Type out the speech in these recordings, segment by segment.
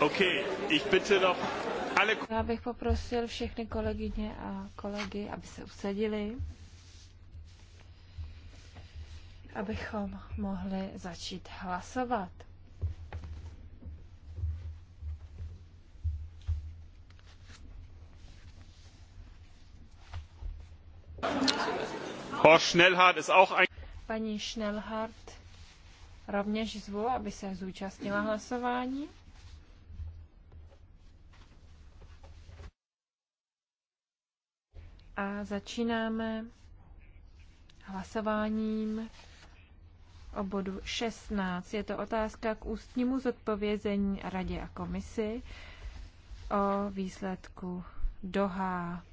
Okay, ich bitte alle... Já bych poprosil všechny kolegyně a kolegy, aby se usadili, abychom mohli začít hlasovat. Horst Schnellhardt ist auch ein... Paní Schnellhardt rovněž zvu, aby se zúčastnila hlasování. a začínáme hlasováním o bodu 16. Je to otázka k ústnímu zodpovězení radě a komisi o výsledku Doha.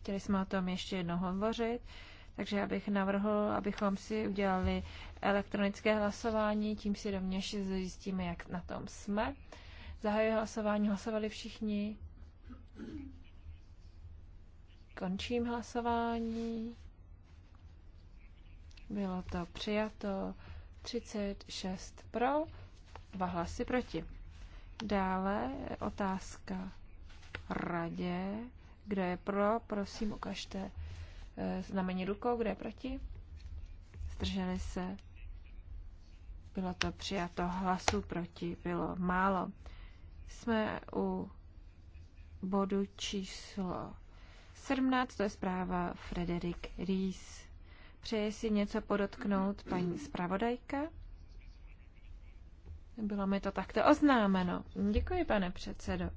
Chtěli jsme o tom ještě jednou hovořit, takže já bych navrhl, abychom si udělali elektronické hlasování, tím si rovněž zjistíme, jak na tom jsme. Zahajuji hlasování, hlasovali všichni. Končím hlasování. Bylo to přijato 36 pro, dva hlasy proti. Dále otázka radě. Kdo je pro, prosím, ukažte eh, znamení rukou, kdo je proti. Zdrželi se. Bylo to přijato hlasu proti, bylo málo. Jsme u bodu číslo 17 to je zpráva Frederik Ries. Přeje si něco podotknout paní zpravodajka? Bylo mi to takto oznámeno. Děkuji, pane předsedo.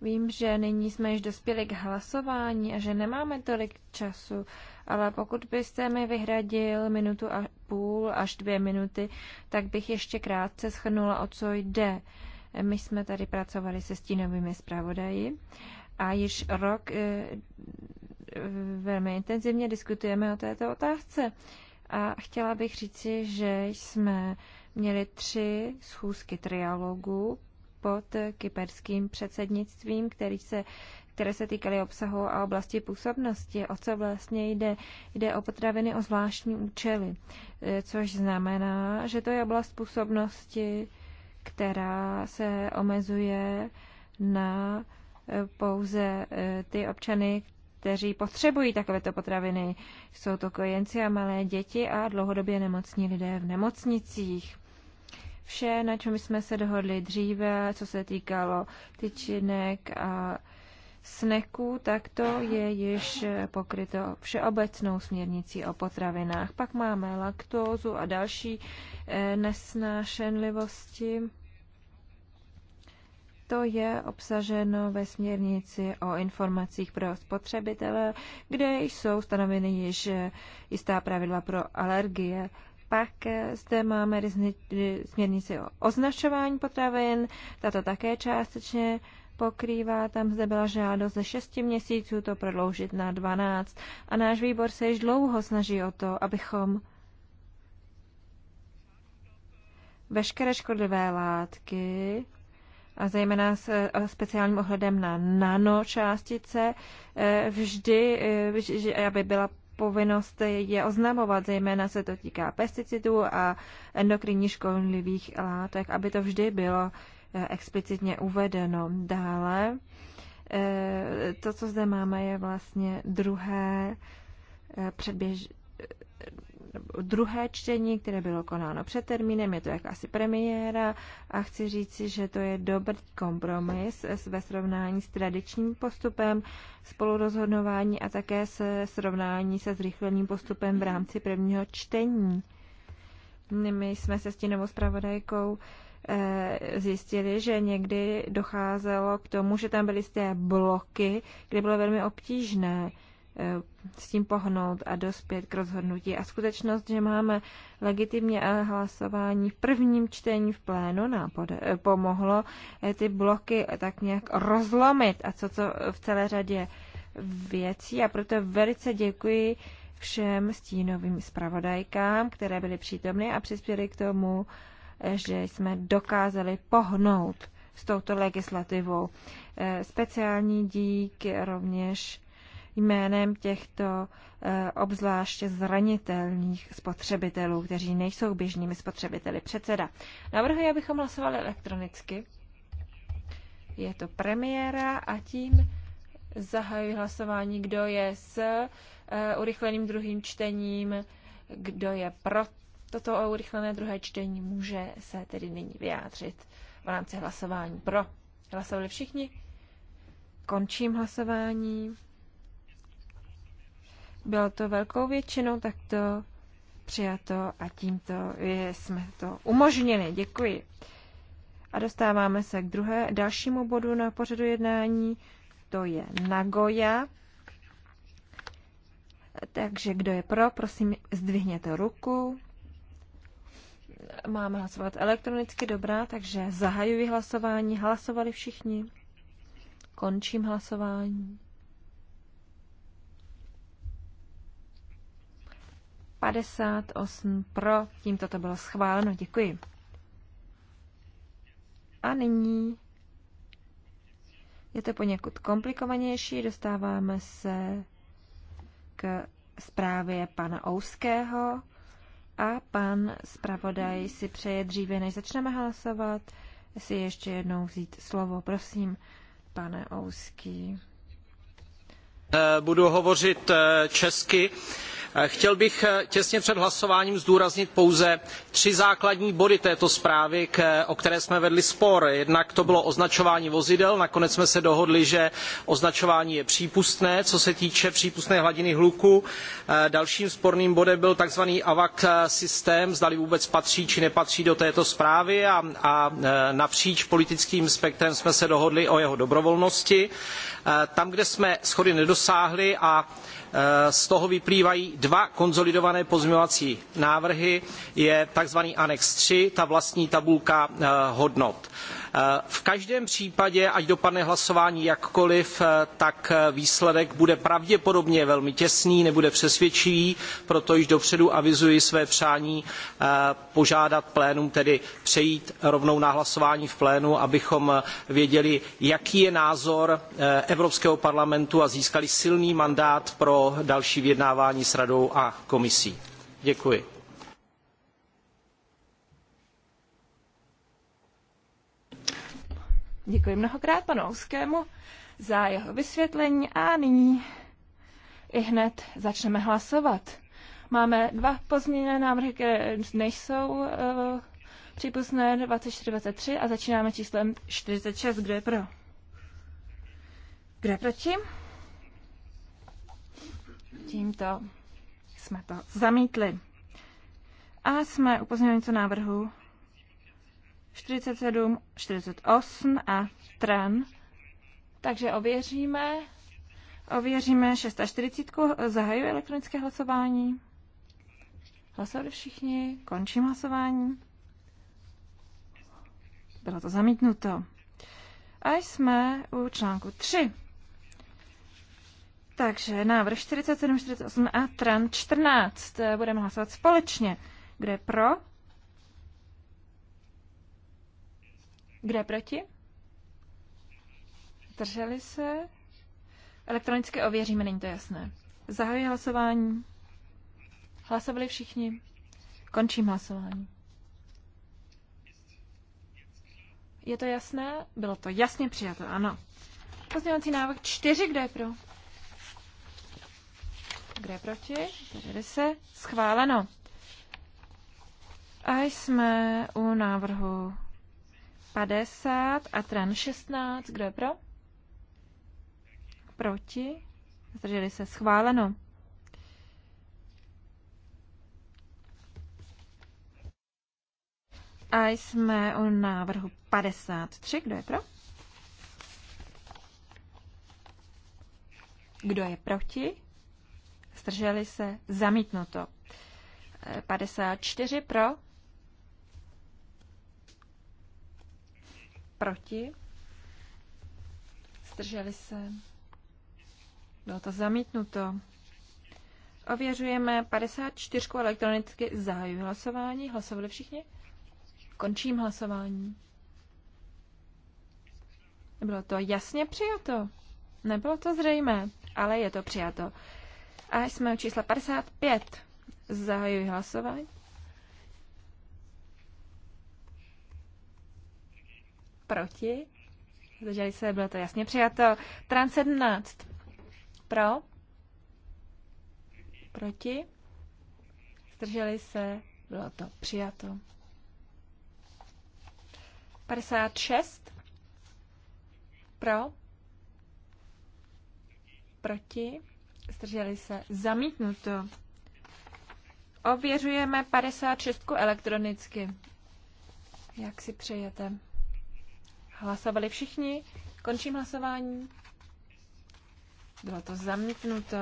Vím, že nyní jsme již dospěli k hlasování a že nemáme tolik času, ale pokud byste mi vyhradil minutu a půl až dvě minuty, tak bych ještě krátce schrnula, o co jde. My jsme tady pracovali se stínovými zpravodaji a již rok eh, velmi intenzivně diskutujeme o této otázce. A chtěla bych říci, že jsme měli tři schůzky trialogu pod kyperským předsednictvím, který se, které se týkaly obsahu a oblasti působnosti. O co vlastně jde? Jde o potraviny o zvláštní účely, eh, což znamená, že to je oblast působnosti která se omezuje na eh, pouze eh, ty občany, kteří potřebují takovéto potraviny. Jsou to kojenci a malé děti a dlouhodobě nemocní lidé v nemocnicích. Vše, na čem jsme se dohodli dříve, co se týkalo tyčinek a sneků, tak to je již pokryto všeobecnou směrnicí o potravinách. Pak máme laktózu a další eh, nesnášenlivosti. To je obsaženo ve směrnici o informacích pro spotřebitele, kde jsou stanoveny již eh, jistá pravidla pro alergie. Pak eh, zde máme směrnici o označování potravin, tato také částečně pokrývá. Tam zde byla žádost ze 6 měsíců to prodloužit na 12. A náš výbor se již dlouho snaží o to, abychom veškeré škodlivé látky a zejména s speciálním ohledem na nanočástice, eh, vždy, eh, vždy aby byla povinnost je oznamovat, zejména se to týká pesticidů a endokrinních škodlivých látek, aby to vždy bylo Eh, explicitně uvedeno. Dále eh, to, co zde máme, je vlastně druhé eh, předběž, druhé čtení, které bylo konáno před termínem, je to jakási premiéra a chci říci, že to je dobrý kompromis ve srovnání s tradičním postupem spolurozhodnování a také se srovnání se zrychleným postupem v rámci prvního čtení. My jsme se stínovou zpravodajkou Eh, zjistili, že někdy docházelo k tomu, že tam byly z té bloky, kde bylo velmi obtížné eh, s tím pohnout a dospět k rozhodnutí. A skutečnost, že máme legitimně hlasování v prvním čtení v plénu, nám eh, pomohlo ty bloky tak nějak rozlomit a co, co v celé řadě věcí. A proto velice děkuji všem stínovým zpravodajkám, které byly přítomny a přispěly k tomu, že jsme dokázali pohnout s touto legislativou. Eh, speciální dík rovněž jménem těchto eh, obzvláště zranitelných spotřebitelů, kteří nejsou běžnými spotřebiteli. Předseda, navrhuji, abychom hlasovali elektronicky. Je to premiéra a tím zahajuji hlasování, kdo je s eh, urychleným druhým čtením, kdo je proti toto urychlené druhé čtení může se tedy nyní vyjádřit v rámci hlasování pro. Hlasovali všichni? Končím hlasování. Bylo to velkou většinou, tak to přijato a tímto je, jsme to umožnili. Děkuji. A dostáváme se k druhé, dalšímu bodu na pořadu jednání, to je Nagoya. Takže kdo je pro, prosím, zdvihněte ruku. Máme hlasovat elektronicky, dobrá, takže zahajuji hlasování. Hlasovali všichni. Končím hlasování. 58 pro. Tímto to bylo schváleno. Děkuji. A nyní je to poněkud komplikovanější. Dostáváme se k zprávě pana Ouského. A pan zpravodaj si přeje dříve, než začneme hlasovat, si ještě jednou vzít slovo. Prosím, pane Ouský. Eh, budu hovořit eh, česky Eh, chtěl bych eh, těsně před hlasováním zdůraznit pouze tři základní body této zprávy, o které jsme vedli spor. Jednak to bylo označování vozidel, nakonec jsme se dohodli, že označování je přípustné, co se týče přípustné hladiny hluku. Eh, dalším sporným bodem byl tzv. AVAC systém, zdali vůbec patří či nepatří do této zprávy a, a napříč politickým spektrem jsme se dohodli o jeho dobrovolnosti. Tam, kde jsme schody nedosáhli a Eh, z toho vyplývají dva konzolidované pozměňovací návrhy. Je tzv. anex 3, ta vlastní tabulka eh, hodnot. Eh, v každém případě, ať dopadne hlasování jakkoliv, eh, tak eh, výsledek bude pravděpodobně velmi těsný, nebude přesvědčivý, proto již dopředu avizuji své přání požádat plénum, tedy přejít rovnou na hlasování v plénu, abychom věděli, jaký je názor Evropského parlamentu a získali silný mandát pro další vyjednávání s radou a komisí. Děkuji. Děkuji mnohokrát panu Ouskému za jeho vysvětlení a nyní i hned začneme hlasovat. Máme dva pozměněné návrhy, které nejsou uh, přípustné 24-23 a začínáme číslem 46. Kdo je pro? Kdo je proti? Tímto jsme to zamítli. A jsme u pozměňovacího návrhu 47, 48 a tren. Takže ověříme. Ověříme 640. Zahajuji elektronické hlasování. Hlasovali všichni. Končím hlasování. Bylo to zamítnuto. A jsme u článku 3. Takže návrh 47, 48 a tran 14. Budeme hlasovat společně. Kdo je pro? Kde proti? Drželi se? Elektronicky ověříme, není to jasné. Zahajuji hlasování. Hlasovali všichni. Končím hlasování. Je to jasné? Bylo to jasně přijato, ano. Pozměňovací návrh čtyři kdo je pro? Kdo je proti? Drželi se? Schváleno. A jsme u návrhu 50 a tran 16. Kdo je pro? Proti? Zdrželi se. Schváleno. A jsme u návrhu 53. Kdo je pro? Kdo je proti? Zdrželi se. Zamítnuto. 54 pro, Proti? Zdrželi se? Bylo to zamítnuto. Ověřujeme 54 elektronicky. Zahajuji hlasování. Hlasovali všichni? Končím hlasování. Bylo to jasně přijato. Nebylo to zřejmé, ale je to přijato. A jsme u čísla 55. Zahajuji hlasování. Proti? Zdrželi se, bylo to jasně přijato. Trans 17. Pro? Proti? Zdrželi se, bylo to přijato. 56. Pro? Proti? Zdrželi se, zamítnuto. Ověřujeme 56 elektronicky. Jak si přejete? Hlasovali všichni. Končím hlasování. Bylo to zamítnuto.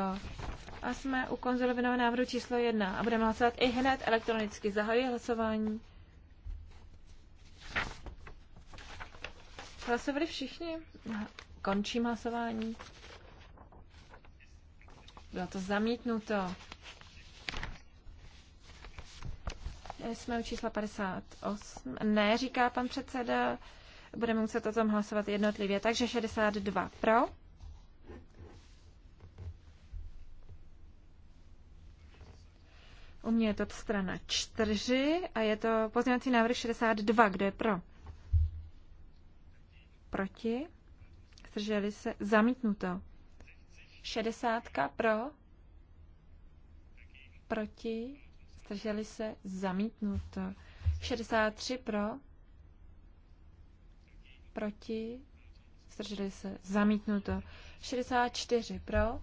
A jsme u konzolovinového návrhu číslo 1 a budeme hlasovat i hned elektronicky. Zahajuji hlasování. Hlasovali všichni? Končím hlasování. Bylo to zamítnuto. Jsme u čísla 58. Ne, říká pan předseda. Budeme muset o tom hlasovat jednotlivě. Takže 62 pro. U mě je to strana 4 a je to pozměňovací návrh 62. Kdo je pro? Proti? Zdrželi se? Zamítnuto. 60 pro? Proti? Zdrželi se? Zamítnuto. 63 pro? proti, zdrželi se, zamítnuto. 64 pro,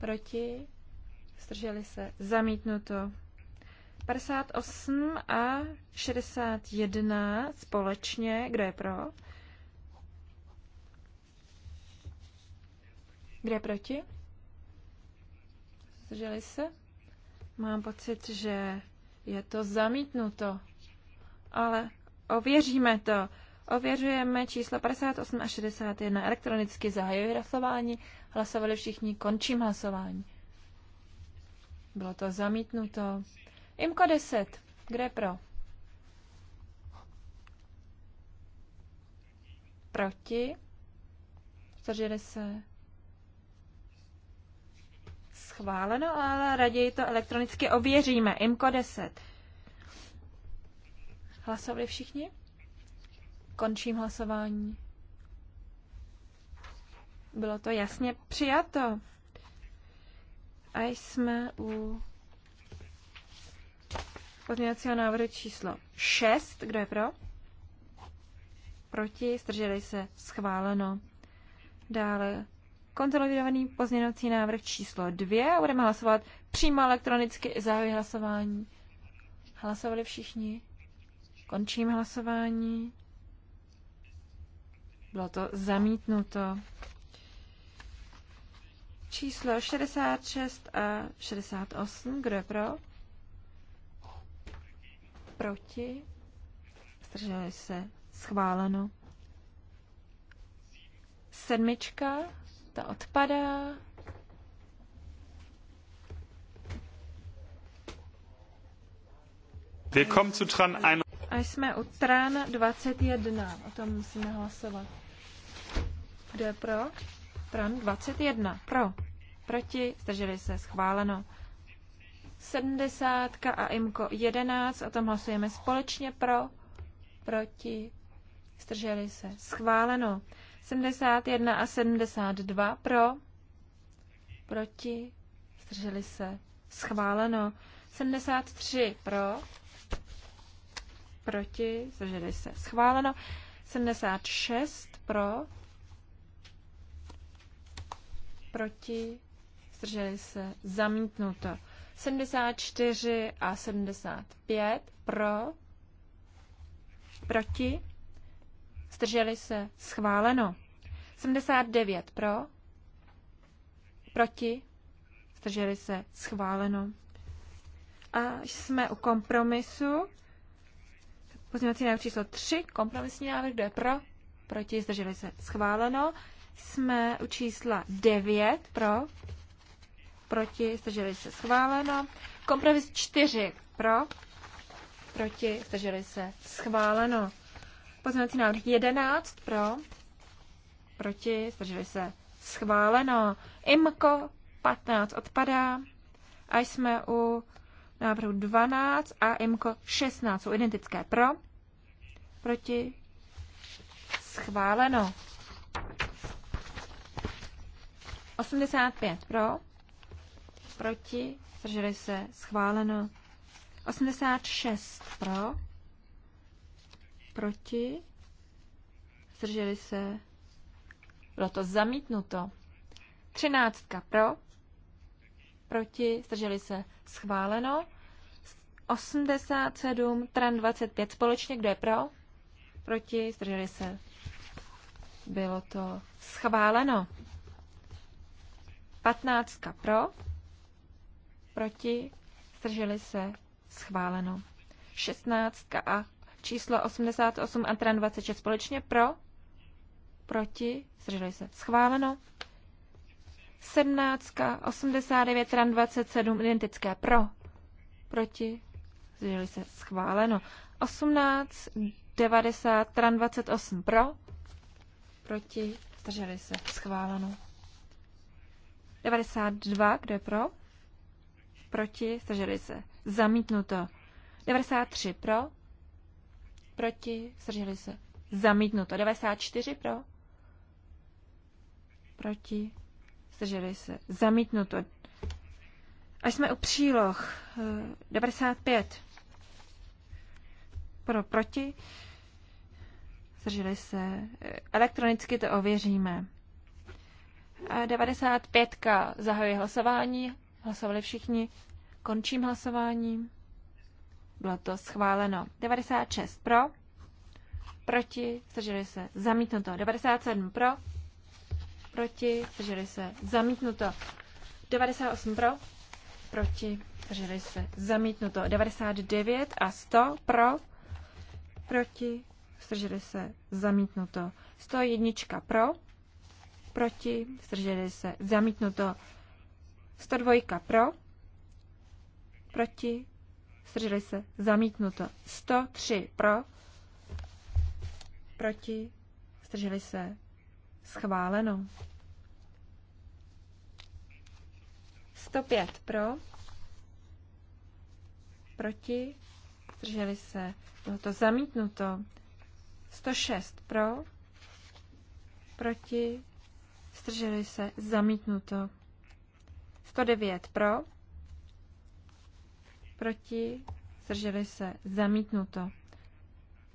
proti, zdrželi se, zamítnuto. 58 a 61 společně, kdo je pro? Kdo je proti? Zdrželi se? Mám pocit, že je to zamítnuto. Ale Ověříme to. Ověřujeme číslo 58 a 61. Elektronicky zahajuji hlasování. Hlasovali všichni. Končím hlasování. Bylo to zamítnuto. Imko 10. Kde pro? Proti. Zdrželi se. Schváleno, ale raději to elektronicky ověříme. Imko 10. Hlasovali všichni? Končím hlasování. Bylo to jasně přijato. A jsme u pozměňovacího návrhu číslo 6. Kdo je pro? Proti? Zdrželi se? Schváleno. Dále konsolidovaný pozměňovací návrh číslo 2. Budeme hlasovat přímo elektronicky i hlasování. Hlasovali všichni? Končím hlasování. Bylo to zamítnuto. Číslo 66 a 68. Kdo je pro? Proti? Zdrželi se. Schváleno. Sedmička. Ta odpadá. Willkommen zu Tran a jsme u trán 21. O tom musíme hlasovat. Kdo je pro? Tran 21. Pro. Proti. Zdrželi se. Schváleno. 70 a IMKO 11. O tom hlasujeme společně pro. Proti. Zdrželi se. Schváleno. 71 a 72 pro. Proti. Zdrželi se. Schváleno. 73 pro proti, zdrželi se schváleno, 76 pro, proti, zdrželi se zamítnuto, 74 a 75 pro, proti, zdrželi se schváleno, 79 pro, proti, zdrželi se schváleno. A jsme u kompromisu Pozměňovací návrh číslo 3, kompromisní návrh, kdo je pro, proti, zdrželi se, schváleno. Jsme u čísla 9, pro, proti, zdrželi se, schváleno. Kompromis 4, pro, proti, zdrželi se, schváleno. Pozměňovací návrh 11, pro, proti, zdrželi se, schváleno. IMKO 15 odpadá a jsme u návrhu 12 a m 16 jsou identické. Pro, proti, schváleno. 85 pro, proti, zdrželi se, schváleno. 86 pro, proti, zdrželi se, bylo to zamítnuto. 13 pro, proti, zdrželi se, Schváleno. 87, tran 25 společně, kdo je pro? Proti, zdrželi se. Bylo to schváleno. 15 pro, proti, zdrželi se, schváleno. 16 a číslo 88 a tran 26 společně pro, proti, zdrželi se, schváleno. 17, 89, ran 27, identické pro, proti, zdrželi se schváleno. 18, 90, 28 pro, proti, zdrželi se schváleno. 92, kdo je pro, proti, zdrželi se zamítnuto. 93 pro, proti, zdrželi se zamítnuto. 94 pro, proti, zdrželi se, zamítnuto. Až jsme u příloh 95 eh, pro proti, zdrželi se, eh, elektronicky to ověříme. A 95 zahajuje hlasování, hlasovali všichni, končím hlasování. Bylo to schváleno. 96 pro, proti, zdrželi se, zamítnuto. 97 pro, proti, zdrželi se, zamítnuto. 98 pro, proti, zdrželi se, zamítnuto. 99 a 100 pro, proti, zdrželi se, zamítnuto. 101 pro, proti, zdrželi se, zamítnuto. 102 pro, proti, zdrželi se, zamítnuto. 103 pro, proti, zdrželi se, Schváleno. 105 pro, proti, zdrželi se, bylo to zamítnuto. 106 pro, proti, zdrželi se, zamítnuto. 109 pro, proti, zdrželi se, zamítnuto.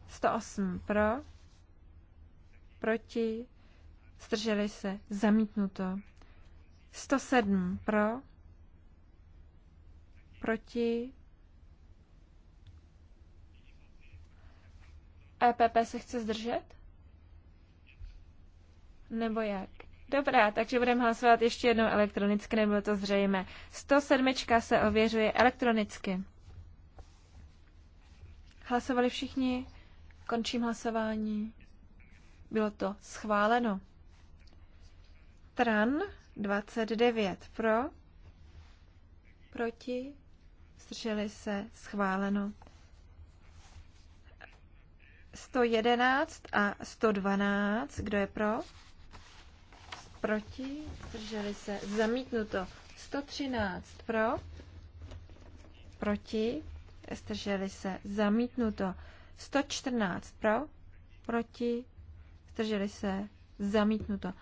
108 pro, proti, zdrželi se, zamítnuto. 107 pro, proti, EPP se chce zdržet? Nebo jak? Dobrá, takže budeme hlasovat ještě jednou elektronicky, nebylo to zřejmé. 107 se ověřuje elektronicky. Hlasovali všichni? Končím hlasování. Bylo to schváleno. Tran 29 pro, proti, zdrželi se, schváleno. 111 a 112, kdo je pro? Proti, zdrželi se, zamítnuto. 113 pro, proti, zdrželi se, zamítnuto. 114 pro, proti, zdrželi se, zamítnuto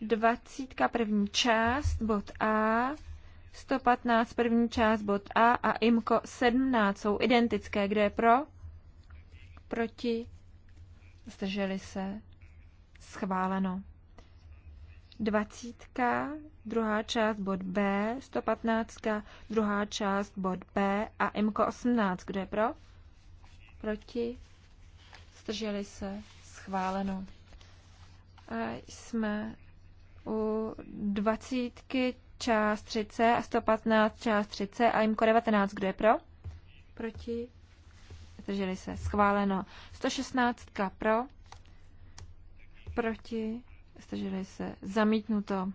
dvacítka první část, bod A, 115 první část, bod A a IMKO 17 jsou identické. Kdo je pro? Proti? Zdrželi se? Schváleno. Dvacítka, druhá část bod B, 115, druhá část bod B a IMKO 18. Kdo je pro? Proti? Zdrželi se? Schváleno. A jsme u dvacítky část 30 a 115 část 30 a jimko 19. Kdo je pro? Proti? Zdrželi se. Schváleno. 116 pro? Proti? Zdrželi se. Zamítnuto.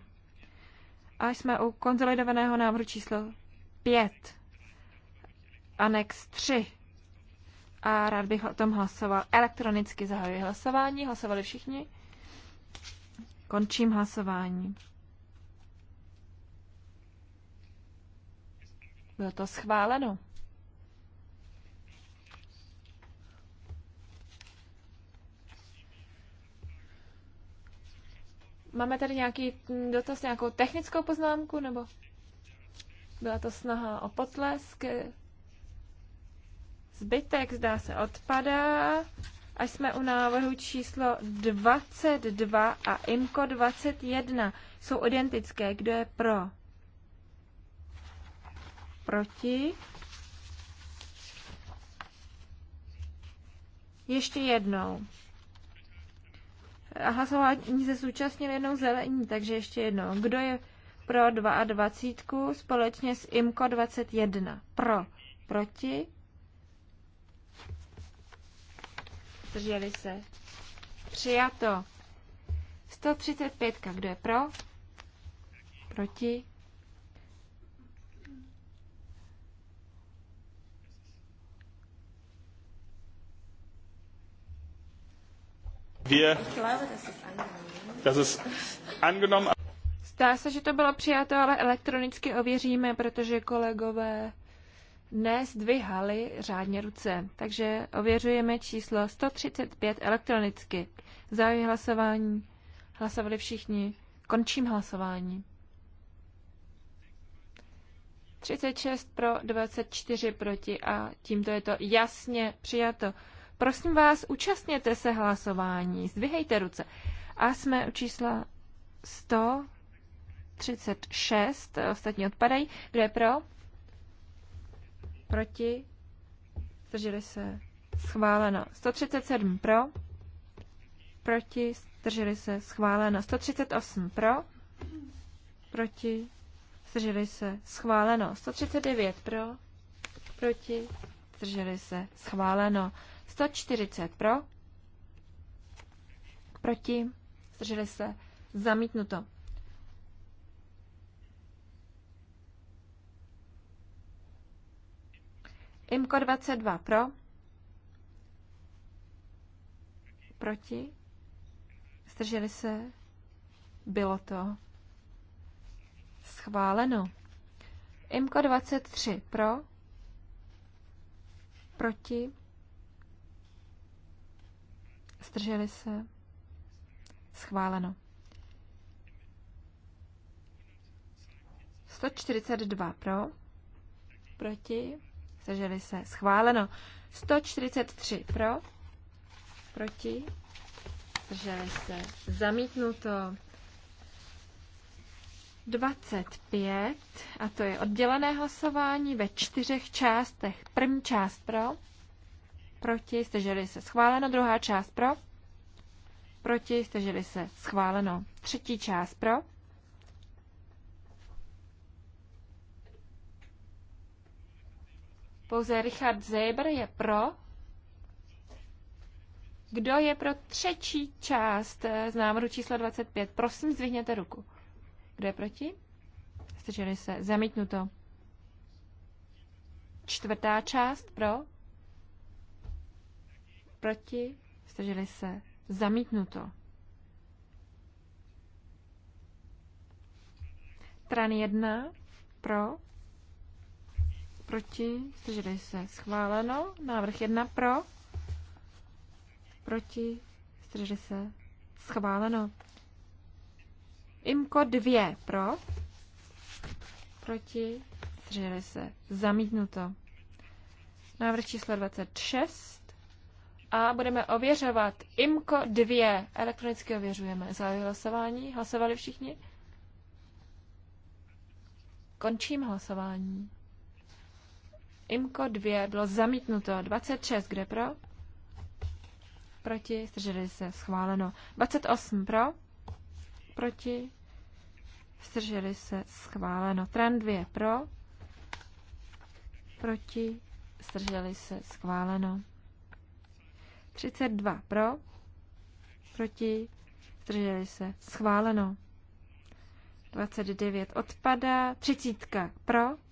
A jsme u konzolidovaného návrhu číslo 5. Anex 3. A rád bych o tom hlasoval. Elektronicky zahajuji hlasování. Hlasovali všichni? Končím hlasování. Bylo to schváleno. Máme tady nějaký dotaz, nějakou technickou poznámku, nebo byla to snaha o potlesk? Zbytek, zdá se, odpadá a jsme u návrhu číslo 22 a IMCO 21. Jsou identické. Kdo je pro? Proti? Ještě jednou. A hlasování se zúčastnil jednou zelení, takže ještě jednou. Kdo je pro 22 společně s IMCO 21? Pro. Proti? zdrželi se. Přijato. 135. Kdo je pro? Proti? das ist angenommen. Zdá se, že to bylo přijato, ale elektronicky ověříme, protože kolegové nezdvihali řádně ruce. Takže ověřujeme číslo 135 elektronicky. Zahajuji hlasování. Hlasovali všichni. Končím hlasování. 36 pro, 24 proti a tímto je to jasně přijato. Prosím vás, účastněte se hlasování, zdvihejte ruce. A jsme u čísla 136, ostatní odpadají. Kdo je pro? proti, zdrželi se, schváleno. 137 pro, proti, zdrželi se, schváleno. 138 pro, proti, zdrželi se, schváleno. 139 pro, proti, zdrželi se, schváleno. 140 pro, proti, zdrželi se, zamítnuto. IMKO 22 pro, proti, zdrželi se, bylo to schváleno. IMKO 23 pro, proti, zdrželi se, schváleno. 142 pro, proti, Zdrželi se. Schváleno. 143 pro. Proti. Zdrželi se. Zamítnuto. 25. A to je oddělené hlasování ve čtyřech částech. První část pro. Proti. Zdrželi se. Schváleno. Druhá část pro. Proti. Zdrželi se. Schváleno. Třetí část pro Pouze Richard Zeber je pro. Kdo je pro třetí část eh, z návrhu číslo 25? Prosím, zvihněte ruku. Kdo je proti? Zdrželi se. Zamítnuto. Čtvrtá část pro. Proti. Zdrželi se. Zamítnuto. Tran 1 pro proti, zdrželi se schváleno. Návrh 1 pro, proti, zdrželi se schváleno. Imko 2 pro, proti, zdrželi se zamítnuto. Návrh číslo 26 a budeme ověřovat IMKO 2. Elektronicky ověřujeme. Zahajuji hlasování. Hlasovali všichni? Končím hlasování. IMKO 2 bylo zamítnuto 26, kde pro? Proti, zdrželi se, schváleno. 28 pro? Proti, zdrželi se, schváleno. Tran 2 pro? Proti, zdrželi se, schváleno. 32 pro? Proti, zdrželi se, schváleno. 29 odpada, 30 pro?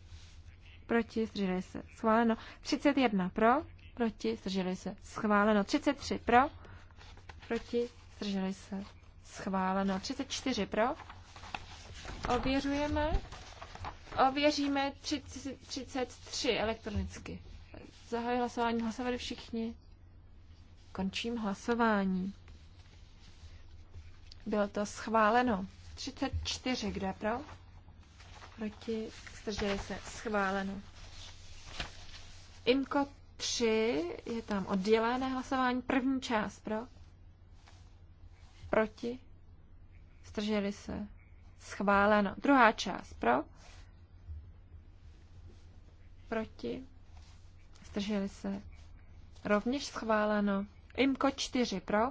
proti, zdrželi se, schváleno. 31 pro, proti, zdrželi se, schváleno. 33 pro, proti, zdrželi se, schváleno. 34 pro, ověřujeme, ověříme 30, 33 elektronicky. Zahajuji hlasování, hlasovali všichni. Končím hlasování. Bylo to schváleno. 34, kde pro? proti, zdrželi se, schváleno. IMKO 3, je tam oddělené hlasování, první část pro, proti, zdrželi se, schváleno. Druhá část pro, proti, zdrželi se, rovněž schváleno. IMKO 4 pro,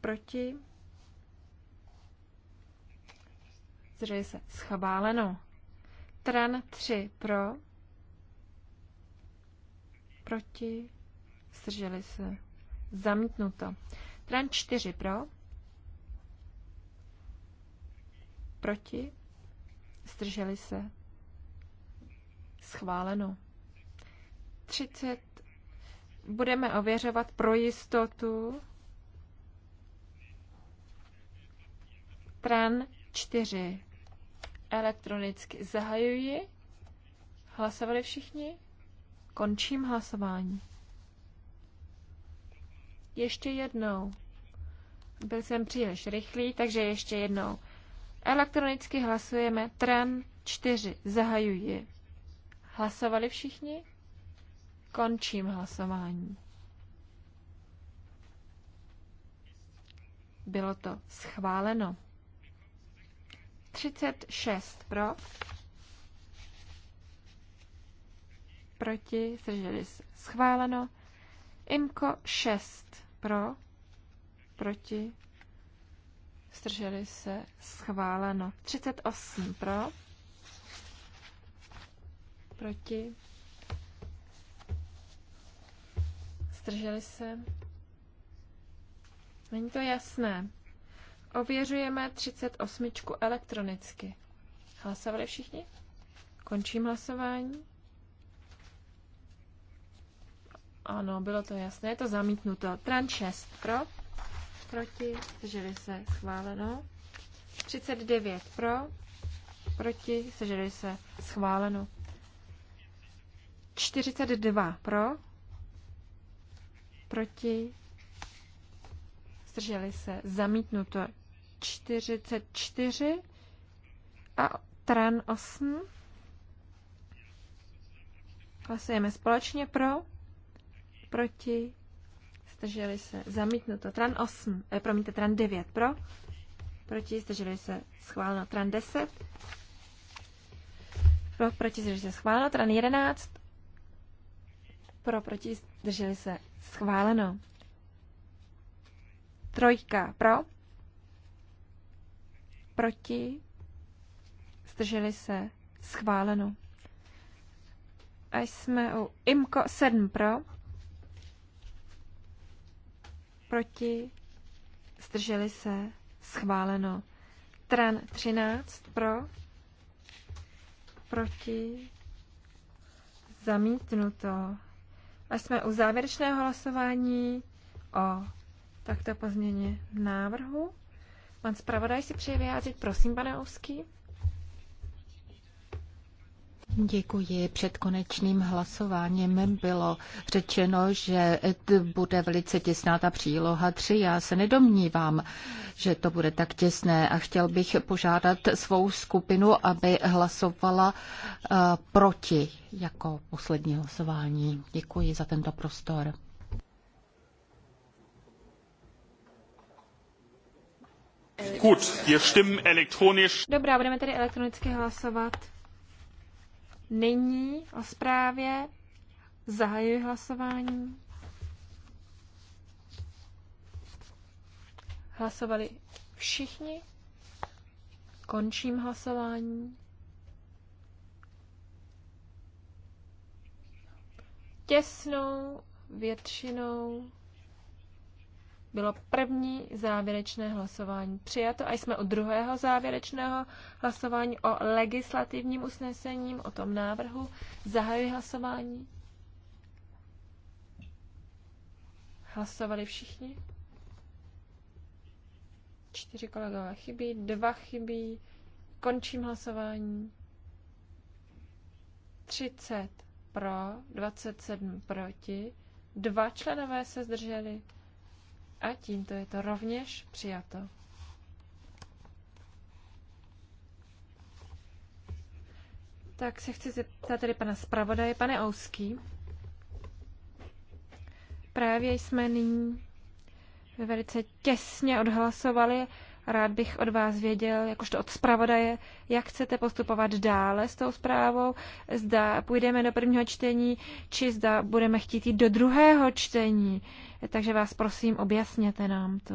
proti, zdrželi se, schváleno. Tran 3 pro, proti, zdrželi se, zamítnuto. Tran 4 pro, proti, zdrželi se, schváleno. 30 budeme ověřovat pro jistotu tran 4. Elektronicky zahajuji. Hlasovali všichni? Končím hlasování. Ještě jednou. Byl jsem příliš rychlý, takže ještě jednou. Elektronicky hlasujeme TREN 4. Zahajuji. Hlasovali všichni? Končím hlasování. Bylo to schváleno. 36 pro, proti, zdrželi se schváleno. Imko 6 pro, proti, zdrželi se schváleno. 38 pro, proti, zdrželi se. Není to jasné. Ověřujeme 38 elektronicky. Hlasovali všichni? Končím hlasování. Ano, bylo to jasné, je to zamítnuto. Tran 6 pro, proti, zdrželi se, schváleno. 39 pro, proti, zdrželi se, schváleno. 42 pro, proti, zdrželi se, zamítnuto 44 a tran 8. Hlasujeme společně pro, proti, zdrželi se, zamítnuto tran 8, eh, promiňte, tran 9 pro, proti, zdrželi se, schváleno tran 10, pro, proti, zdrželi se, schváleno tran 11, pro, proti, zdrželi se, schváleno. Trojka pro, proti, zdrželi se, schváleno. A jsme u IMKO 7 pro, proti, zdrželi se, schváleno. TRAN 13 pro, proti, zamítnuto. A jsme u závěrečného hlasování o takto změně návrhu. Pan zpravodaj si přeje vyjádřit. Prosím, pane Ovský. Děkuji. Před konečným hlasováním bylo řečeno, že bude velice těsná ta příloha 3. Já se nedomnívám, že to bude tak těsné a chtěl bych požádat svou skupinu, aby hlasovala eh, proti jako poslední hlasování. Děkuji za tento prostor. Gut, wir stimmen elektronisch. Dobrá, budeme tedy elektronicky hlasovat. Nyní o zprávě zahajuji hlasování. Hlasovali všichni. Končím hlasování. Těsnou většinou bylo první závěrečné hlasování přijato a jsme u druhého závěrečného hlasování o legislativním usnesením, o tom návrhu. Zahajuji hlasování. Hlasovali všichni? Čtyři kolegové chybí, dva chybí. Končím hlasování. 30 pro, 27 proti, dva členové se zdrželi. A tímto je to rovněž přijato. Tak se chci zeptat tedy pana zpravodaje, pane Ouský. Právě jsme nyní velice těsně odhlasovali Rád bych od vás věděl, jakožto od zpravodaje, jak chcete postupovat dále s tou zprávou, zda půjdeme do prvního čtení, či zda budeme chtít jít do druhého čtení. Takže vás prosím, objasněte nám to.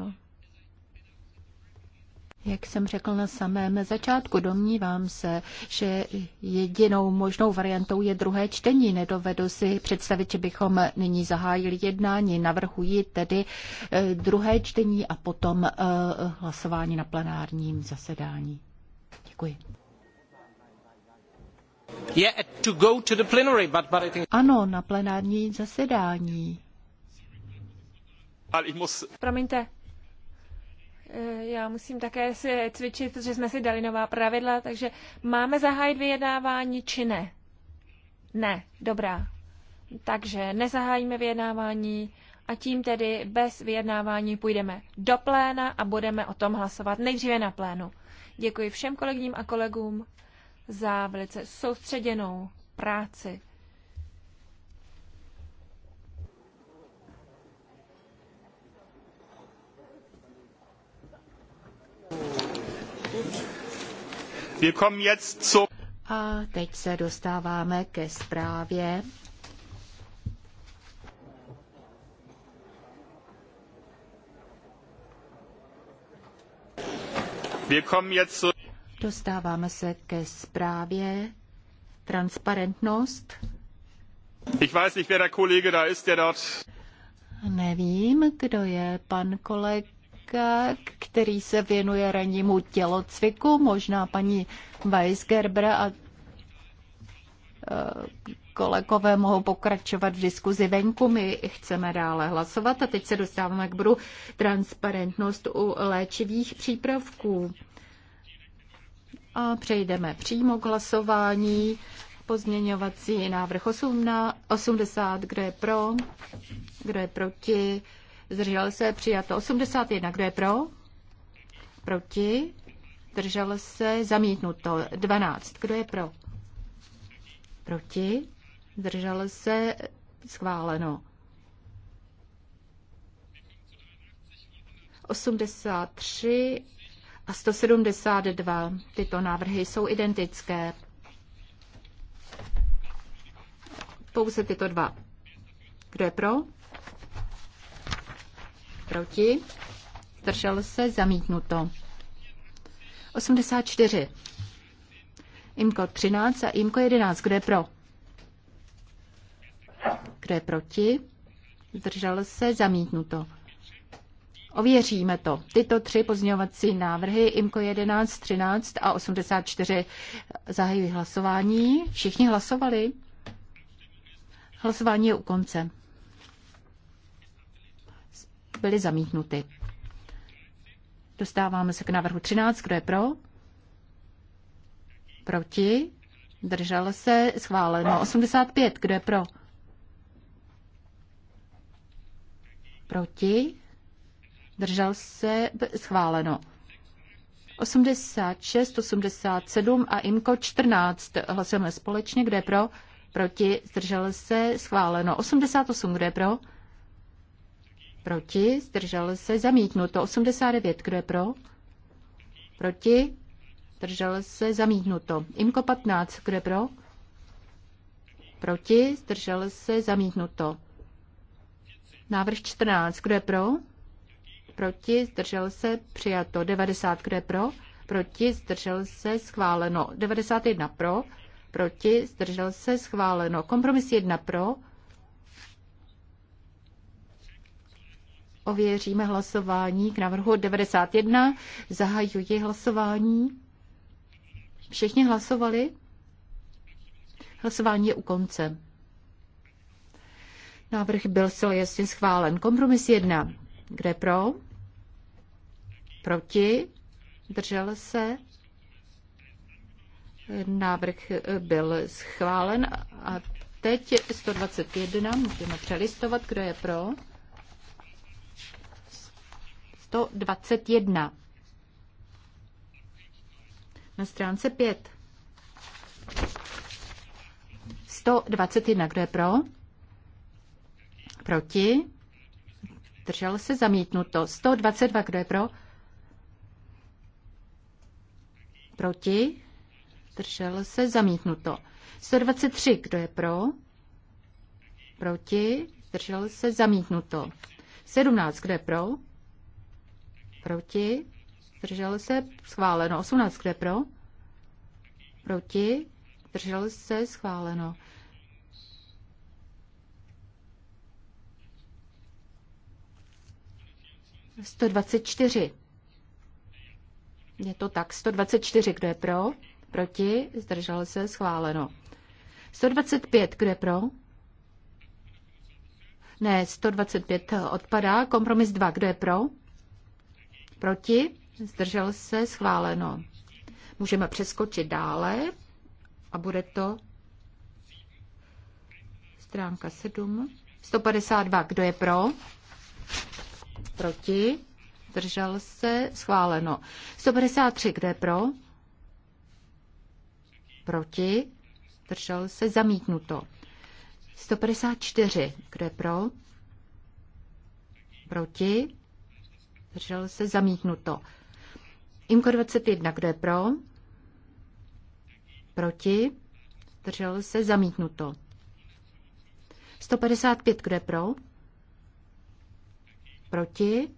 Jak jsem řekl na samém začátku, domnívám se, že jedinou možnou variantou je druhé čtení. Nedovedu si představit, že bychom nyní zahájili jednání. Navrhuji tedy eh, druhé čtení a potom eh, hlasování na plenárním zasedání. Děkuji. Ano, na plenární zasedání. Promiňte, já musím také si cvičit, protože jsme si dali nová pravidla, takže máme zahájit vyjednávání či ne? Ne, dobrá. Takže nezahájíme vyjednávání a tím tedy bez vyjednávání půjdeme do pléna a budeme o tom hlasovat nejdříve na plénu. Děkuji všem kolegyním a kolegům za velice soustředěnou práci. A teď se dostáváme ke zprávě Dostáváme se ke zprávě transparentnost. Ich weiß nicht, wer der Kollege da ist, der dort Nevím, kdo je pan kolega, který se věnuje rannímu tělocviku, možná paní Weisgerber a eh, kolegové mohou pokračovat v diskuzi venku. My chceme dále hlasovat a teď se dostáváme k bodu transparentnost u léčivých přípravků. A přejdeme přímo k hlasování. Pozměňovací návrh 80, kdo je pro, kdo je proti, zdržel se, přijato 81, kdo je pro, Proti? Držel se? Zamítnuto. 12. Kdo je pro? Proti? Držel se? Schváleno. 83 a 172. Tyto návrhy jsou identické. Pouze tyto dva. Kdo je pro? Proti? zdržel se, zamítnuto. 84. Imko 13 a Imko 11. Kdo je pro? Kdo je proti? Zdržel se, zamítnuto. Ověříme to. Tyto tři pozměňovací návrhy, IMKO 11, 13 a 84, zahajují hlasování. Všichni hlasovali. Hlasování je u konce. Byly zamítnuty. Dostáváme se k návrhu 13. Kdo je pro? Proti? Držel se? Schváleno. 85. Kdo je pro? Proti? Držel se? Schváleno. 86, 87 a IMKO 14. Hlasujeme společně. Kdo je pro? Proti? Zdržel se? Schváleno. 88. Kdo je pro? Proti? Zdržel se? Zamítnuto. 89. Kdo je pro? Proti? Zdržel se? Zamítnuto. Imko 15. Kdo je pro? Proti? Zdržel se? Zamítnuto. Návrh 14. Kdo je pro? Proti? Zdržel se? Přijato. 90. Kdo je pro? Proti? Zdržel se? Schváleno. 91. Pro? Proti? Zdržel se? Schváleno. Kompromis 1. Pro? Ověříme hlasování k návrhu 91. Zahajuji hlasování. Všichni hlasovali? Hlasování je u konce. Návrh byl zcela jasně schválen. Kompromis 1. Kde pro? Proti? Držel se? Návrh byl schválen a teď 121 můžeme přelistovat. Kdo je pro? 121. Na stránce 5. 121. Kdo je pro? Proti? Držel se zamítnuto. 122. Kdo je pro? Proti? Držel se zamítnuto. 123. Kdo je pro? Proti? Držel se zamítnuto. 17. Kdo je pro? Proti? Zdržel se? Schváleno. 18. Kde pro? Proti? Zdržel se? Schváleno. Sto dvacet čtyři. Je to tak. 124, kdo je pro? Proti? Zdržel se? Schváleno. 125, kdo je pro? Ne, 125 odpadá. Kompromis dva kdo je pro? Proti? Zdržel se? Schváleno. Můžeme přeskočit dále a bude to stránka 7. 152. Kdo je pro? Proti? Zdržel se? Schváleno. 153. Kdo je pro? Proti? Zdržel se? Zamítnuto. 154. Kdo je pro? Proti? Zdržel se zamítnuto. Imko 21, kdo je pro? Proti? Zdržel se zamítnuto. 155, kdo je pro? Proti?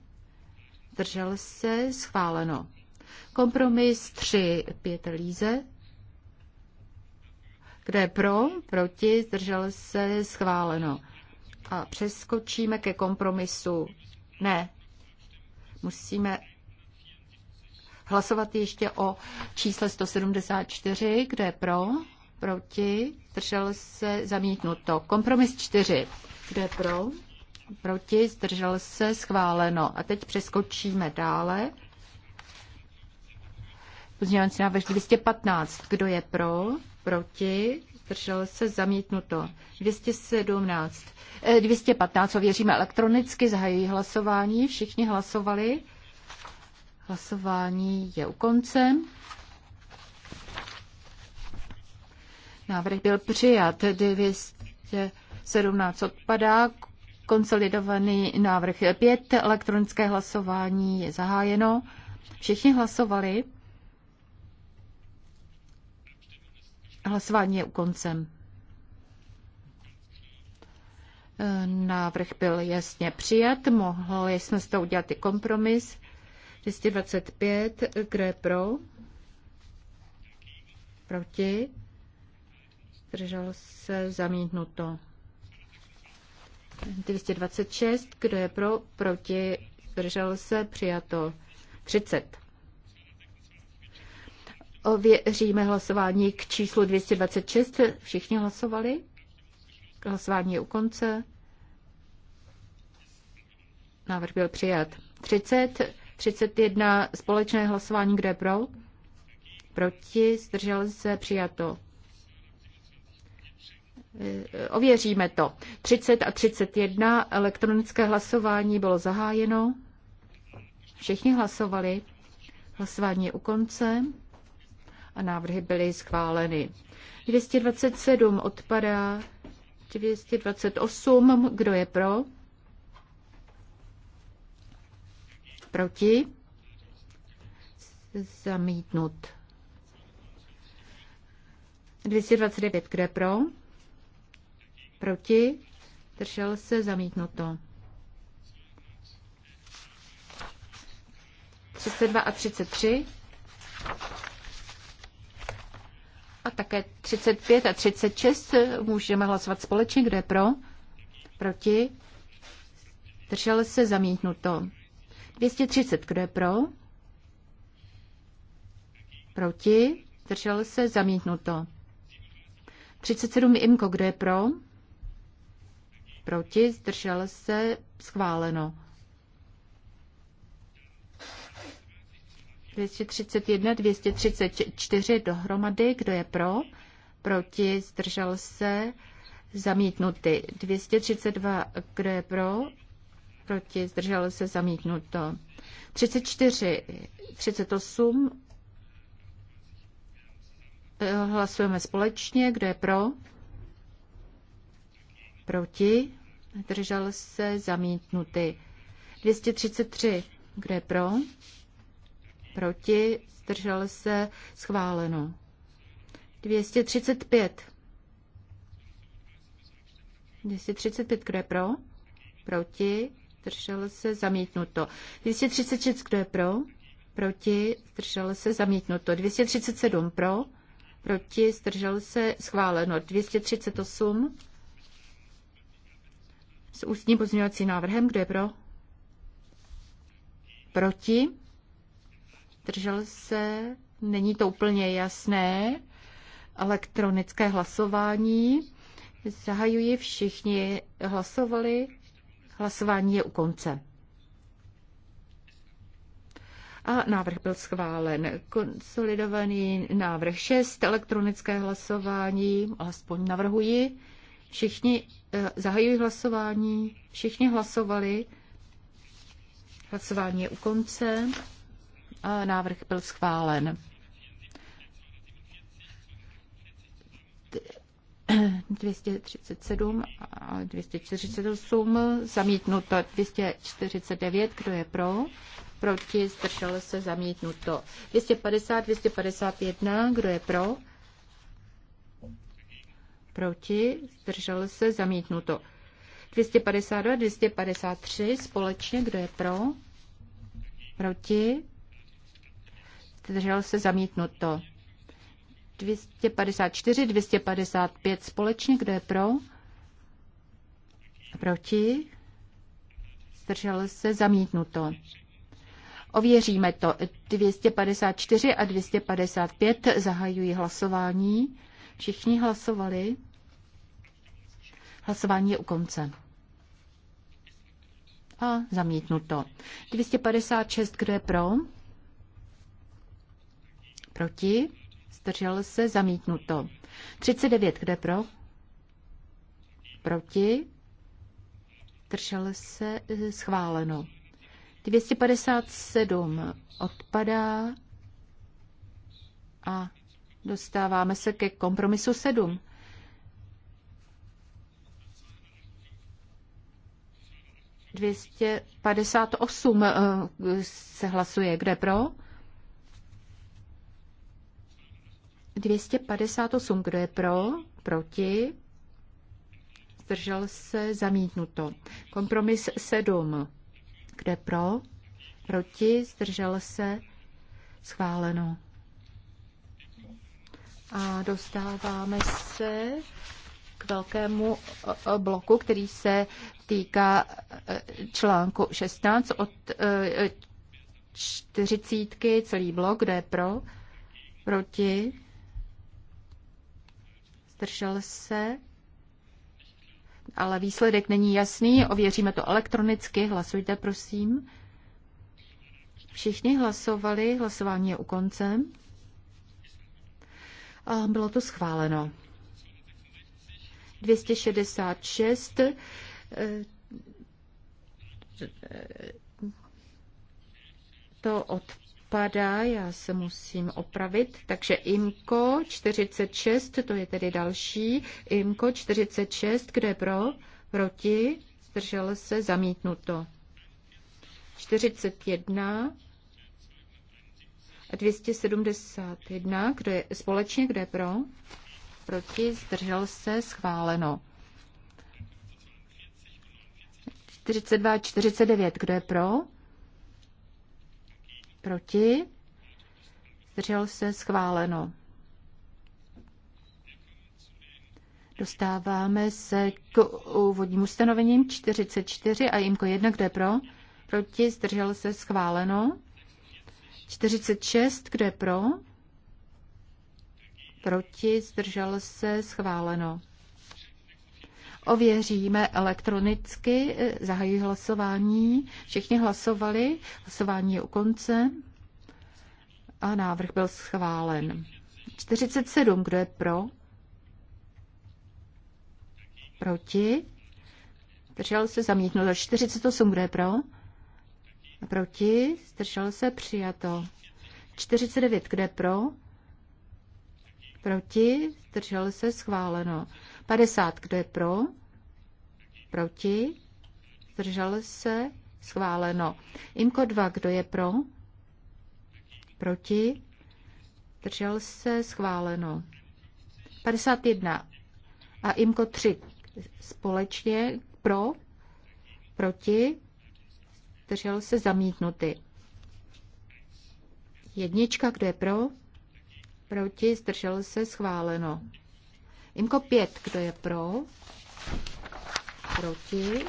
Zdržel se schváleno. Kompromis 3, 5 líze. Kdo je pro? Proti? Zdržel se schváleno. A přeskočíme ke kompromisu. Ne, Musíme hlasovat ještě o čísle 174, kde je pro, proti, zdržel se, zamítnuto. Kompromis 4, kde je pro, proti, zdržel se, schváleno. A teď přeskočíme dále. Pozměňovací návrh 215, kdo je pro, proti, zdržel se zamítnuto. 217, 215, eh, věříme elektronicky, zahají hlasování, všichni hlasovali. Hlasování je u konce. Návrh byl přijat. 217 odpadá. Konsolidovaný návrh 5. Elektronické hlasování je zahájeno. Všichni hlasovali. Hlasování je u koncem Návrh byl jasně přijat, mohli jsme s to udělat i kompromis. 225, kde pro? Proti? Zdrželo se zamítnuto. 226, kdo je pro? Proti? Zdrželo se přijato. 30. Ověříme hlasování k číslu 226. Všichni hlasovali? Hlasování je u konce. Návrh byl přijat. 30, 31 společné hlasování, kde pro? Proti, zdržel se, přijato. Eh, ověříme to. 30 a 31 elektronické hlasování bylo zahájeno. Všichni hlasovali. Hlasování je u konce a návrhy byly schváleny. 227 odpadá 228. Kdo je pro? Proti? Zamítnut. 229. Kdo je pro? Proti? Držel se zamítnuto. 32 a 33. A také 35 a 36 můžeme hlasovat společně. Kdo je pro? Proti? Držel se zamítnuto. 230. Kdo je pro? Proti? Držel se zamítnuto. 37. Imko. Kdo je pro? Proti? Zdržel se schváleno. 231, 234 dohromady. Kdo je pro? Proti? Zdržel se? Zamítnuty. 232. Kdo je pro? Proti? Zdržel se? Zamítnuto. 34, 38. Eh, hlasujeme společně. Kdo je pro? Proti? Zdržel se? Zamítnuty. 233. Kdo je pro? proti, zdržel se, schváleno. 235. 235, kdo je pro? Proti, zdržel se, zamítnuto. 236, kdo je pro? Proti, zdržel se, zamítnuto. 237 pro, proti, zdržel se, schváleno. 238 s ústním pozměňovacím návrhem, kdo je pro? Proti, zdržel se, není to úplně jasné, elektronické hlasování. Zahajuji, všichni hlasovali, hlasování je u konce. A návrh byl schválen. Konsolidovaný návrh 6, elektronické hlasování, alespoň navrhuji. Všichni eh, zahajují hlasování, všichni hlasovali. Hlasování je u konce. Návrh byl schválen. 237 a 248, zamítnuto 249, kdo je pro, proti, zdrželo se, zamítnuto 250, 251, kdo je pro, proti, zdrželo se, zamítnuto 252, 253, společně, kdo je pro, proti, zdržel se zamítnuto. 254, 255 společně, kdo je pro? Proti? Zdržel se zamítnuto. Ověříme to. 254 a 255 zahajují hlasování. Všichni hlasovali. Hlasování je u konce. A zamítnuto. 256, kdo je pro? Proti? Zdržel se? Zamítnuto. 39. Kde pro? Proti? Zdržel se? Eh, schváleno. 257 odpadá a dostáváme se ke kompromisu 7. Dvěstě padesát osm eh, se hlasuje. Kde pro? 258. Kdo je pro? Proti? Zdržel se? Zamítnuto. Kompromis 7. Kdo je pro? Proti? Zdržel se? Schváleno. A dostáváme se k velkému bloku, který se týká e, článku 16 od e, e, čtyřicítky, celý blok, kde je pro, proti, zdržel se, ale výsledek není jasný, ověříme to elektronicky, hlasujte prosím. Všichni hlasovali, hlasování je u konce. A bylo to schváleno. 266 eh, eh, to od vypadá, já se musím opravit. Takže IMKO 46, to je tedy další. IMKO 46, kde pro? Proti? Zdržel se? Zamítnuto. 41 a 271, kdo je společně, kde pro? Proti? Zdržel se? Schváleno. 42 49, kdo je pro? Proti? Zdržel se schváleno. Dostáváme se k úvodním ustanovením 44 a jimko 1, kde pro? Proti? Zdržel se schváleno. 46, kde pro? Proti? Zdržel se schváleno. Ověříme elektronicky, eh, zahajuji hlasování. Všichni hlasovali, hlasování je u konce a návrh byl schválen. 47, kdo je pro? Proti? Držel se zamítnuto. 48, kdo je pro? Proti? Držel se přijato. 49, kdo je pro? Proti? Držel se schváleno. 50. Kdo je pro? Proti? Zdržel se? Schváleno. Imko 2. Kdo je pro? Proti? Držel se? Schváleno. 51. A Imko 3. Společně pro? Proti? Držel se? Zamítnuty. Jednička, kdo je pro? Proti? Zdržel se? Schváleno. Imko 5, kdo je pro? Proti?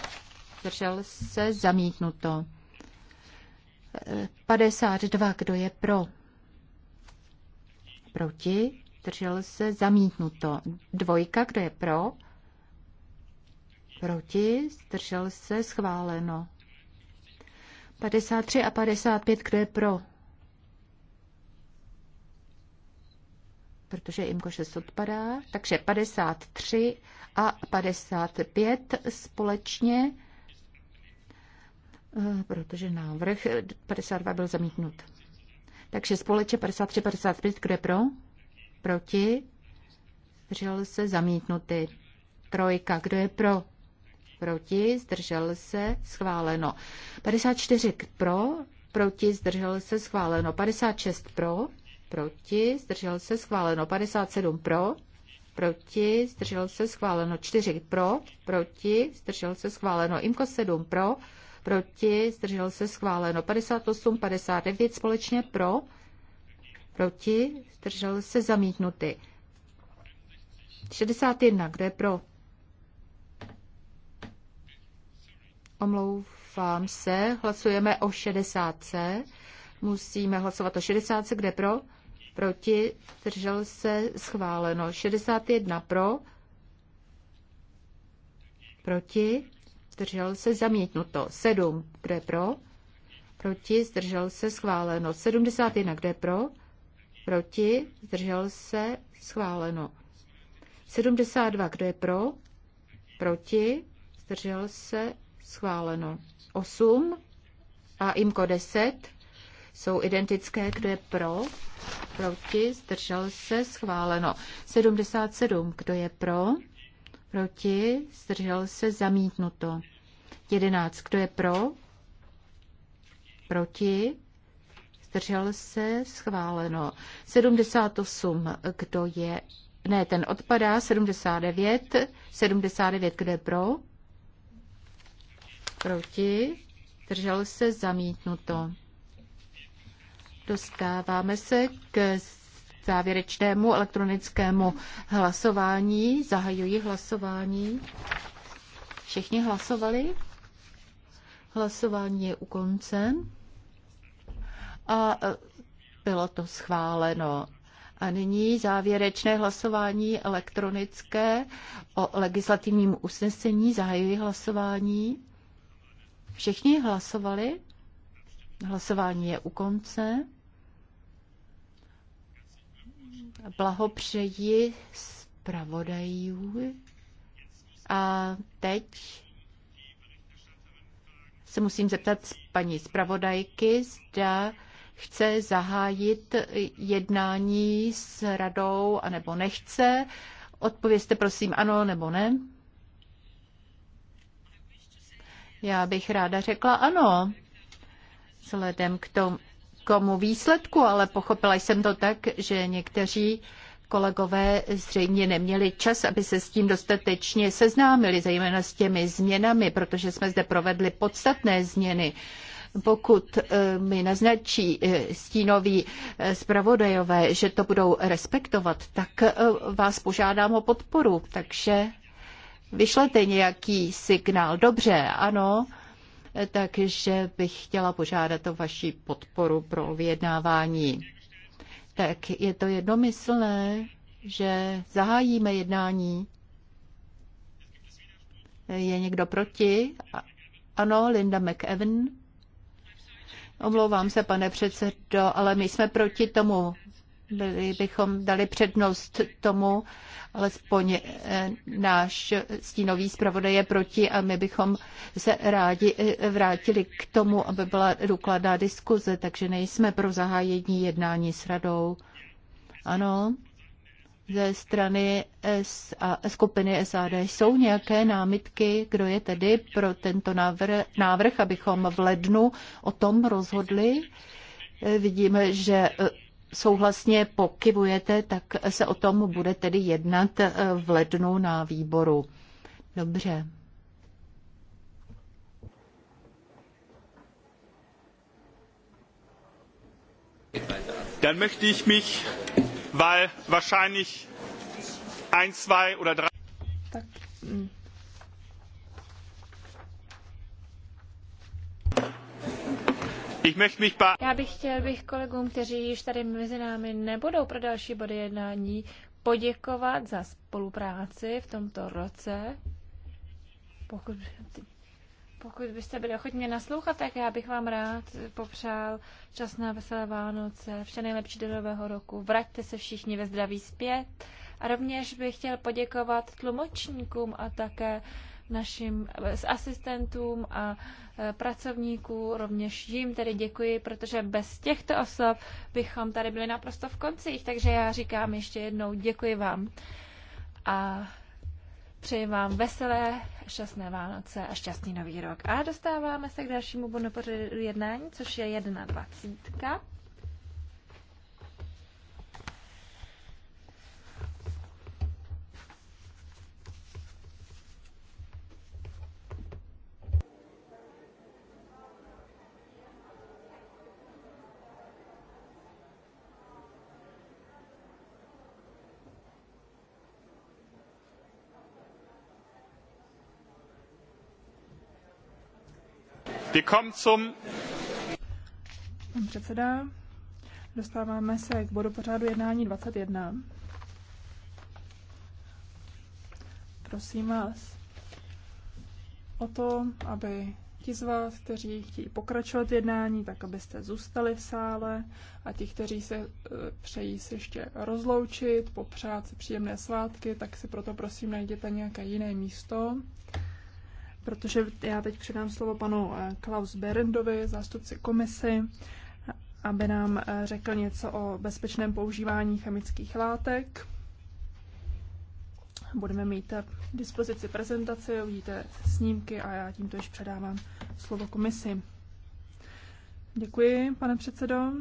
Zdržel se? Zamítnuto. 52, eh, kdo je pro? Proti? Zdržel se? Zamítnuto. Dvojka, kdo je pro? Proti? Zdržel se? Schváleno. 53 a 55, kdo je pro? protože IMKO 6 odpadá. Takže 53 a 55 společně, eh, protože návrh 52 byl zamítnut. Takže společně 53, 55, kdo je pro? Proti? Zdržel se zamítnutý. Trojka, kdo je pro? Proti, zdržel se, schváleno. 54 pro, proti, zdržel se, schváleno. 56 pro, proti, zdržel se schváleno 57 pro, proti, zdržel se schváleno 4 pro, proti, zdržel se schváleno IMKO 7 pro, proti, zdržel se schváleno 58, 59 společně pro, proti, zdržel se zamítnuty 61, kde pro? Omlouvám se, hlasujeme o 60. Musíme hlasovat o 60, kde pro? proti, zdržel se, schváleno. 61 pro, proti, zdržel se, zamítnuto. 7, kde pro, proti, zdržel se, schváleno. 71, kde pro, proti, zdržel se, schváleno. 72, kdo je pro, proti, zdržel se, schváleno. 8 a IMKO 10, jsou identické, kdo je pro, proti, zdržel se, schváleno. 77, kdo je pro, proti, zdržel se, zamítnuto. 11, kdo je pro, proti, zdržel se, schváleno. 78, kdo je, ne, ten odpadá, 79, 79, kdo je pro, proti, zdržel se, zamítnuto. Dostáváme se k závěrečnému elektronickému hlasování. Zahajuji hlasování. Všichni hlasovali? Hlasování je u konce. A e, bylo to schváleno. A nyní závěrečné hlasování elektronické o legislativním usnesení. Zahajuji hlasování. Všichni hlasovali? Hlasování je u konce. blahopřeji zpravodajů a teď se musím zeptat paní zpravodajky, zda chce zahájit jednání s radou, anebo nechce. Odpovězte prosím ano nebo ne. Já bych ráda řekla ano, vzhledem k tomu, komu výsledku, ale pochopila jsem to tak, že někteří kolegové zřejmě neměli čas, aby se s tím dostatečně seznámili, zejména s těmi změnami, protože jsme zde provedli podstatné změny. Pokud eh, mi naznačí eh, stínoví eh, zpravodajové, že to budou respektovat, tak vás požádám o podporu. Takže vyšlete nějaký signál. Dobře, ano, takže bych chtěla požádat o vaši podporu pro vyjednávání. Tak je to jednomyslné, že zahájíme jednání. Je někdo proti? Ano, Linda McEwen. Omlouvám se, pane předsedo, ale my jsme proti tomu byli bychom dali přednost tomu, alespoň eh, náš stínový zpravodaj je proti a my bychom se rádi eh, vrátili k tomu, aby byla důkladná diskuze, takže nejsme pro zahájení jednání s radou. Ano, ze strany a skupiny SAD jsou nějaké námitky, kdo je tedy pro tento návrh, návrh abychom v lednu o tom rozhodli. Eh, vidíme, že souhlasně pokyvujete, tak se o tom bude tedy jednat eh, v lednu na výboru. Dobře. Dann möchte ich mich, weil wahrscheinlich ein, zwei oder drei. Tak mm, Já bych chtěl bych kolegům, kteří již tady mezi námi nebudou pro další body jednání, poděkovat za spolupráci v tomto roce. Pokud, pokud byste byli ochotni mě naslouchat, tak já bych vám rád popřál časné veselé Vánoce, vše nejlepší do nového roku. Vraťte se všichni ve zdraví zpět. A rovněž bych chtěl poděkovat tlumočníkům a také uh, našim asistentům a e, pracovníků, rovněž jim tedy děkuji, protože bez těchto osob bychom tady byli naprosto v koncích, takže já říkám ještě jednou děkuji vám a přeji vám veselé, šťastné Vánoce a šťastný nový rok. A dostáváme se k dalšímu bodu jednání, což je 21. Wir zum předseda, dostáváme se k bodu pořádu jednání 21. Prosím vás o to, aby ti z vás, kteří chtějí pokračovat v jednání, tak abyste zůstali v sále a ti, kteří se eh, přejí se ještě rozloučit, popřát si příjemné svátky, tak si proto prosím najděte nějaké jiné místo protože já teď předám slovo panu eh, Klaus Berendovi, zástupci komisy, aby nám eh, řekl něco o bezpečném používání chemických látek. Budeme mít v eh, dispozici prezentaci, uvidíte snímky a já tímto již předávám slovo komisi. Děkuji, pane předsedo.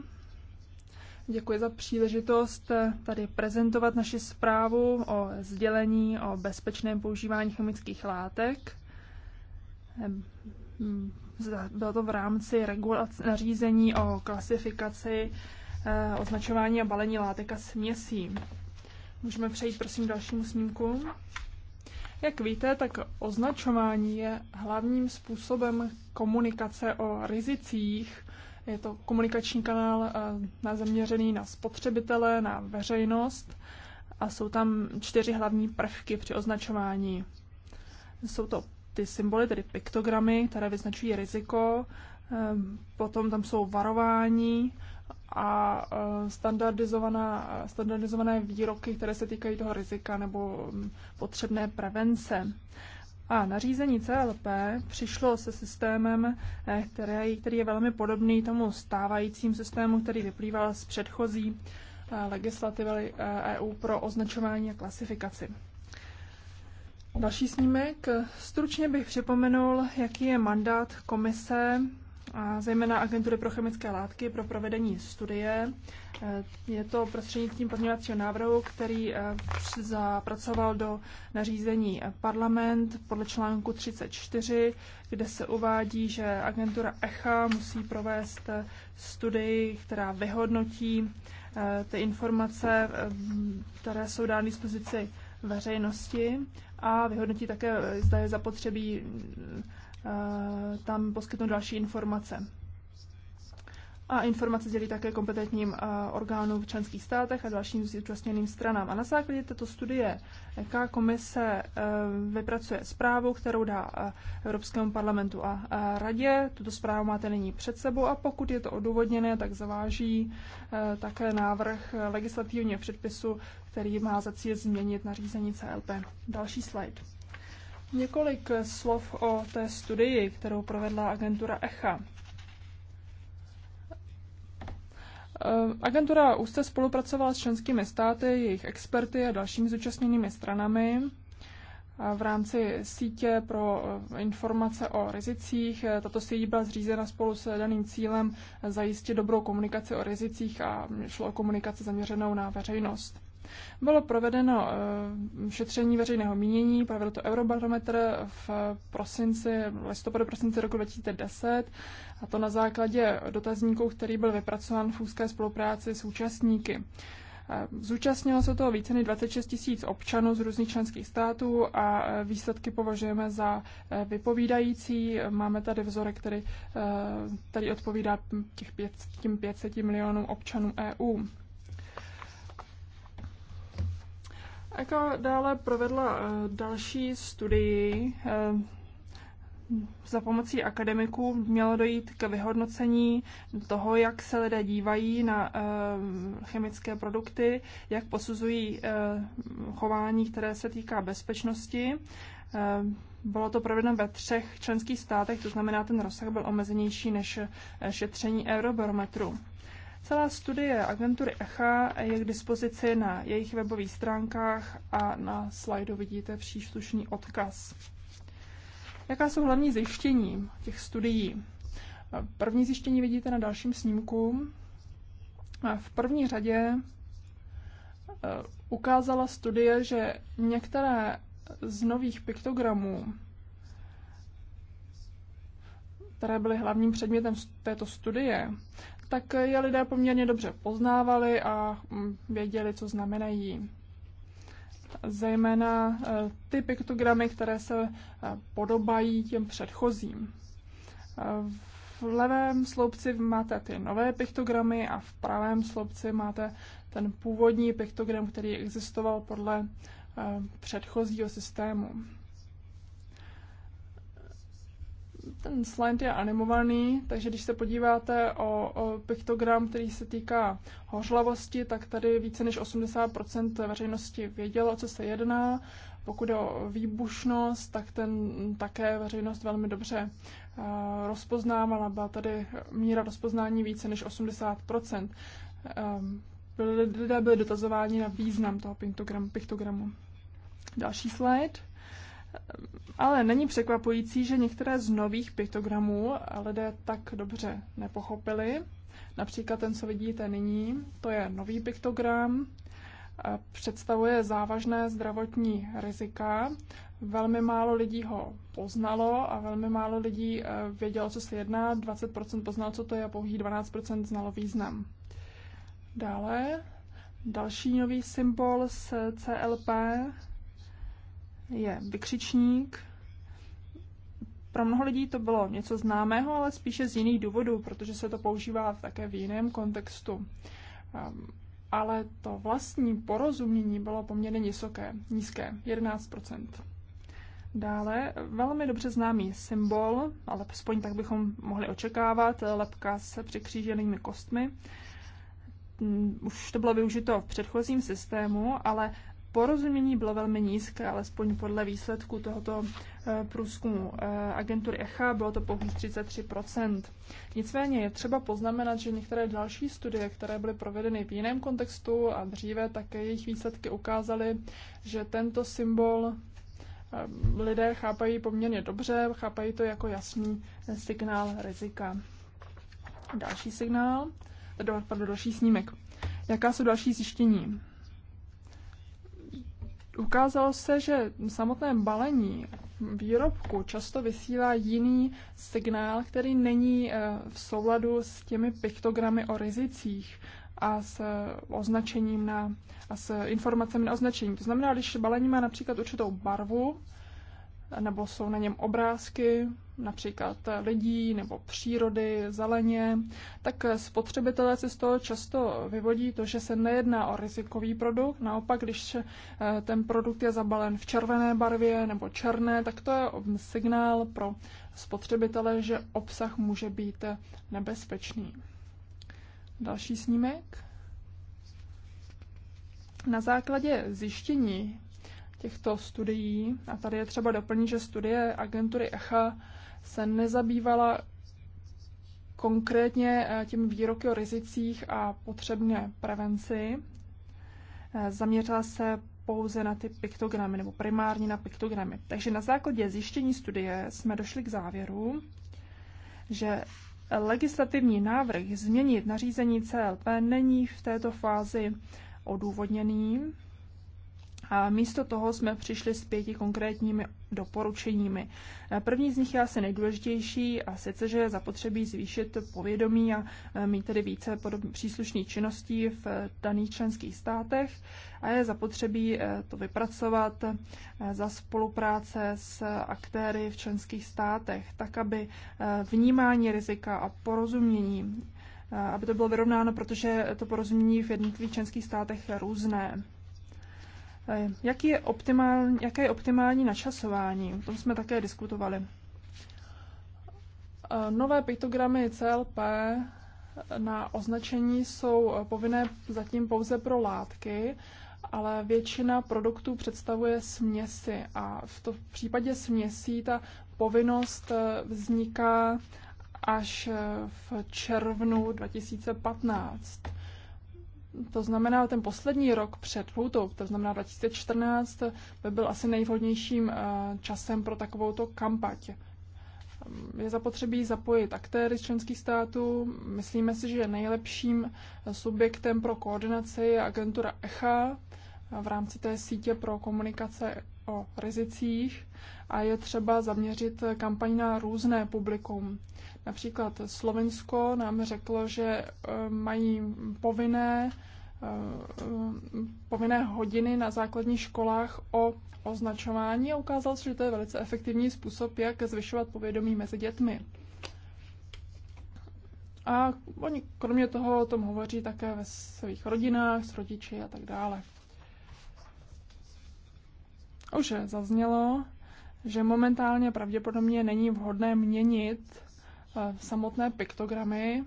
Děkuji za příležitost tady prezentovat naši zprávu o sdělení o bezpečném používání chemických látek. Ehm, bylo to v rámci regulace, nařízení o klasifikaci, eh, označování a balení látek a směsí. Můžeme přejít prosím k dalšímu snímku. Jak víte, tak označování je hlavním způsobem komunikace o rizicích. Je to komunikační kanál eh, zaměřený na spotřebitele, na veřejnost a jsou tam čtyři hlavní prvky při označování. Jsou to ty symboly, tedy piktogramy, které vyznačují riziko. Ehm, potom tam jsou varování a eh, standardizovaná, standardizované výroky, které se týkají toho rizika nebo hm, potřebné prevence. A nařízení CLP přišlo se systémem, eh, který, který je velmi podobný tomu stávajícím systému, který vyplýval z předchozí eh, legislativy EU e pro označování a klasifikaci. Další snímek. Stručně bych připomenul, jaký je mandát komise a zejména agentury pro chemické látky pro provedení studie. Je to prostřednictvím pozměňovacího návrhu, který eh, zapracoval do nařízení parlament podle článku 34, kde se uvádí, že agentura ECHA musí provést eh, studii, která vyhodnotí eh, ty informace, které jsou dány dispozici veřejnosti a vyhodnotí také, zda je zapotřebí eh, tam poskytnout další informace a informace dělí také kompetentním eh, orgánům v členských státech a dalším zúčastněným stranám. A na základě této studie EK komise eh, vypracuje zprávu, kterou dá eh, Evropskému parlamentu a radě. Tuto zprávu máte nyní před sebou a pokud je to odůvodněné, tak zaváží také návrh legislativního předpisu, který má za cíl změnit nařízení CLP. Další slide. Několik slov o té studii, kterou provedla agentura ECHA. Ehm, agentura úzce spolupracovala s členskými státy, jejich experty a dalšími zúčastněnými stranami v rámci sítě pro eh, informace o rizicích. Eh, tato síť byla zřízena spolu s daným cílem zajistit dobrou komunikaci o rizicích a šlo o komunikaci zaměřenou na veřejnost. Bylo provedeno eh, šetření veřejného mínění, provedl to Eurobarometr v prosinci, listopadu prosinci roku 2010, a to na základě dotazníku, který byl vypracován v úzké spolupráci s účastníky. Eh, zúčastnilo se toho více než 26 tisíc občanů z různých členských států a eh, výsledky považujeme za vypovídající. Máme tady vzorek, který, který odpovídá těch pět, tím 500 milionům občanů EU. Eko dále provedla eh, další studii. Eh, za pomocí akademiků mělo dojít k vyhodnocení toho, jak se lidé dívají na eh, chemické produkty, jak posuzují chování, které se týká bezpečnosti. Bylo to provedeno ve třech členských státech, to znamená, ten rozsah byl omezenější než šetření eurobarometru. Celá studie agentury ECHA je k dispozici na jejich webových stránkách a na slajdu vidíte příslušný odkaz. Jaká jsou hlavní zjištění těch studií? První zjištění vidíte na dalším snímku. V první řadě eh, ukázala studie, že některé z nových piktogramů, které byly hlavním předmětem této studie, tak je lidé poměrně dobře poznávali a mm, věděli, co znamenají. Zejména e, ty piktogramy, které se e, podobají těm předchozím. E, v levém sloupci máte ty nové piktogramy a v pravém sloupci máte ten původní piktogram, který existoval podle předchozího systému ten slide je animovaný, takže když se podíváte o, o piktogram, který se týká hořlavosti, tak tady více než 80% veřejnosti vědělo, o co se jedná. Pokud o výbušnost, tak ten také veřejnost velmi dobře eh, rozpoznávala. Byla tady míra rozpoznání více než 80%. Ehm, lidé byli dotazováni na význam toho piktogramu. Další slide. Ale není překvapující, že některé z nových piktogramů lidé tak dobře nepochopili. Například ten, co vidíte nyní, to je nový piktogram, představuje závažné zdravotní rizika. Velmi málo lidí ho poznalo a velmi málo lidí eh, vědělo, co se jedná. 20% poznalo, co to je a pouhý 12% znalo význam. Dále další nový symbol z CLP je vykřičník. Pro mnoho lidí to bylo něco známého, ale spíše z jiných důvodů, protože se to používá také v jiném kontextu. Ehm, ale to vlastní porozumění bylo poměrně nízké, nízké 11 Dále velmi dobře známý symbol, ale aspoň tak bychom mohli očekávat, lepka se překříženými kostmi. Hm, už to bylo využito v předchozím systému, ale porozumění bylo velmi nízké, alespoň podle výsledku tohoto eh, průzkumu eh, agentury ECHA bylo to pouhých 33 Nicméně je třeba poznamenat, že některé další studie, které byly provedeny v jiném kontextu a dříve, také jejich výsledky ukázaly, že tento symbol eh, lidé chápají poměrně dobře, chápají to jako jasný signál rizika. Další signál, pardon, další snímek. Jaká jsou další zjištění? ukázalo se, že samotné balení výrobku často vysílá jiný signál, který není eh, v souladu s těmi piktogramy o rizicích a s eh, označením na, a s informacemi na označení. To znamená, když balení má například určitou barvu, nebo jsou na něm obrázky, například lidí nebo přírody, zeleně, tak spotřebitelé si z toho často vyvodí to, že se nejedná o rizikový produkt. Naopak, když eh, ten produkt je zabalen v červené barvě nebo černé, tak to je signál pro spotřebitele, že obsah může být nebezpečný. Další snímek. Na základě zjištění těchto studií. A tady je třeba doplnit, že studie agentury ECHA se nezabývala konkrétně eh, tím výroky o rizicích a potřebné prevenci. Eh, zaměřila se pouze na ty piktogramy, nebo primárně na piktogramy. Takže na základě zjištění studie jsme došli k závěru, že legislativní návrh změnit nařízení CLP není v této fázi odůvodněný a místo toho jsme přišli s pěti konkrétními doporučeními. Eh, první z nich je asi nejdůležitější a sice, že je zapotřebí zvýšit povědomí a eh, mít tedy více příslušných činností v eh, daných členských státech a je zapotřebí to vypracovat za spolupráce s aktéry v členských státech, tak aby vnímání rizika a porozumění aby to bylo vyrovnáno, protože to porozumění v jednotlivých členských státech je různé. Eh, jaký je optimální, jaké je optimální načasování? O tom jsme také diskutovali. Eh, nové piktogramy CLP eh, na označení jsou povinné zatím pouze pro látky, ale většina produktů představuje směsi a v, to, v případě směsí ta povinnost vzniká až v červnu 2015. To znamená, ten poslední rok před lhůtou, to znamená 2014, by byl asi nejvhodnějším eh, časem pro takovouto kampaň. Ehm, je zapotřebí zapojit aktéry z členských států. Myslíme si, že nejlepším eh, subjektem pro koordinaci je agentura ECHA eh, v rámci té sítě pro komunikace o rizicích a je třeba zaměřit kampaň na různé publikum. Například Slovensko nám řeklo, že e, mají povinné, e, povinné hodiny na základních školách o označování a ukázalo se, že to je velice efektivní způsob, jak zvyšovat povědomí mezi dětmi. A oni kromě toho o tom hovoří také ve svých rodinách, s rodiči a tak dále. Už zaznělo, že momentálně pravděpodobně není vhodné měnit samotné piktogramy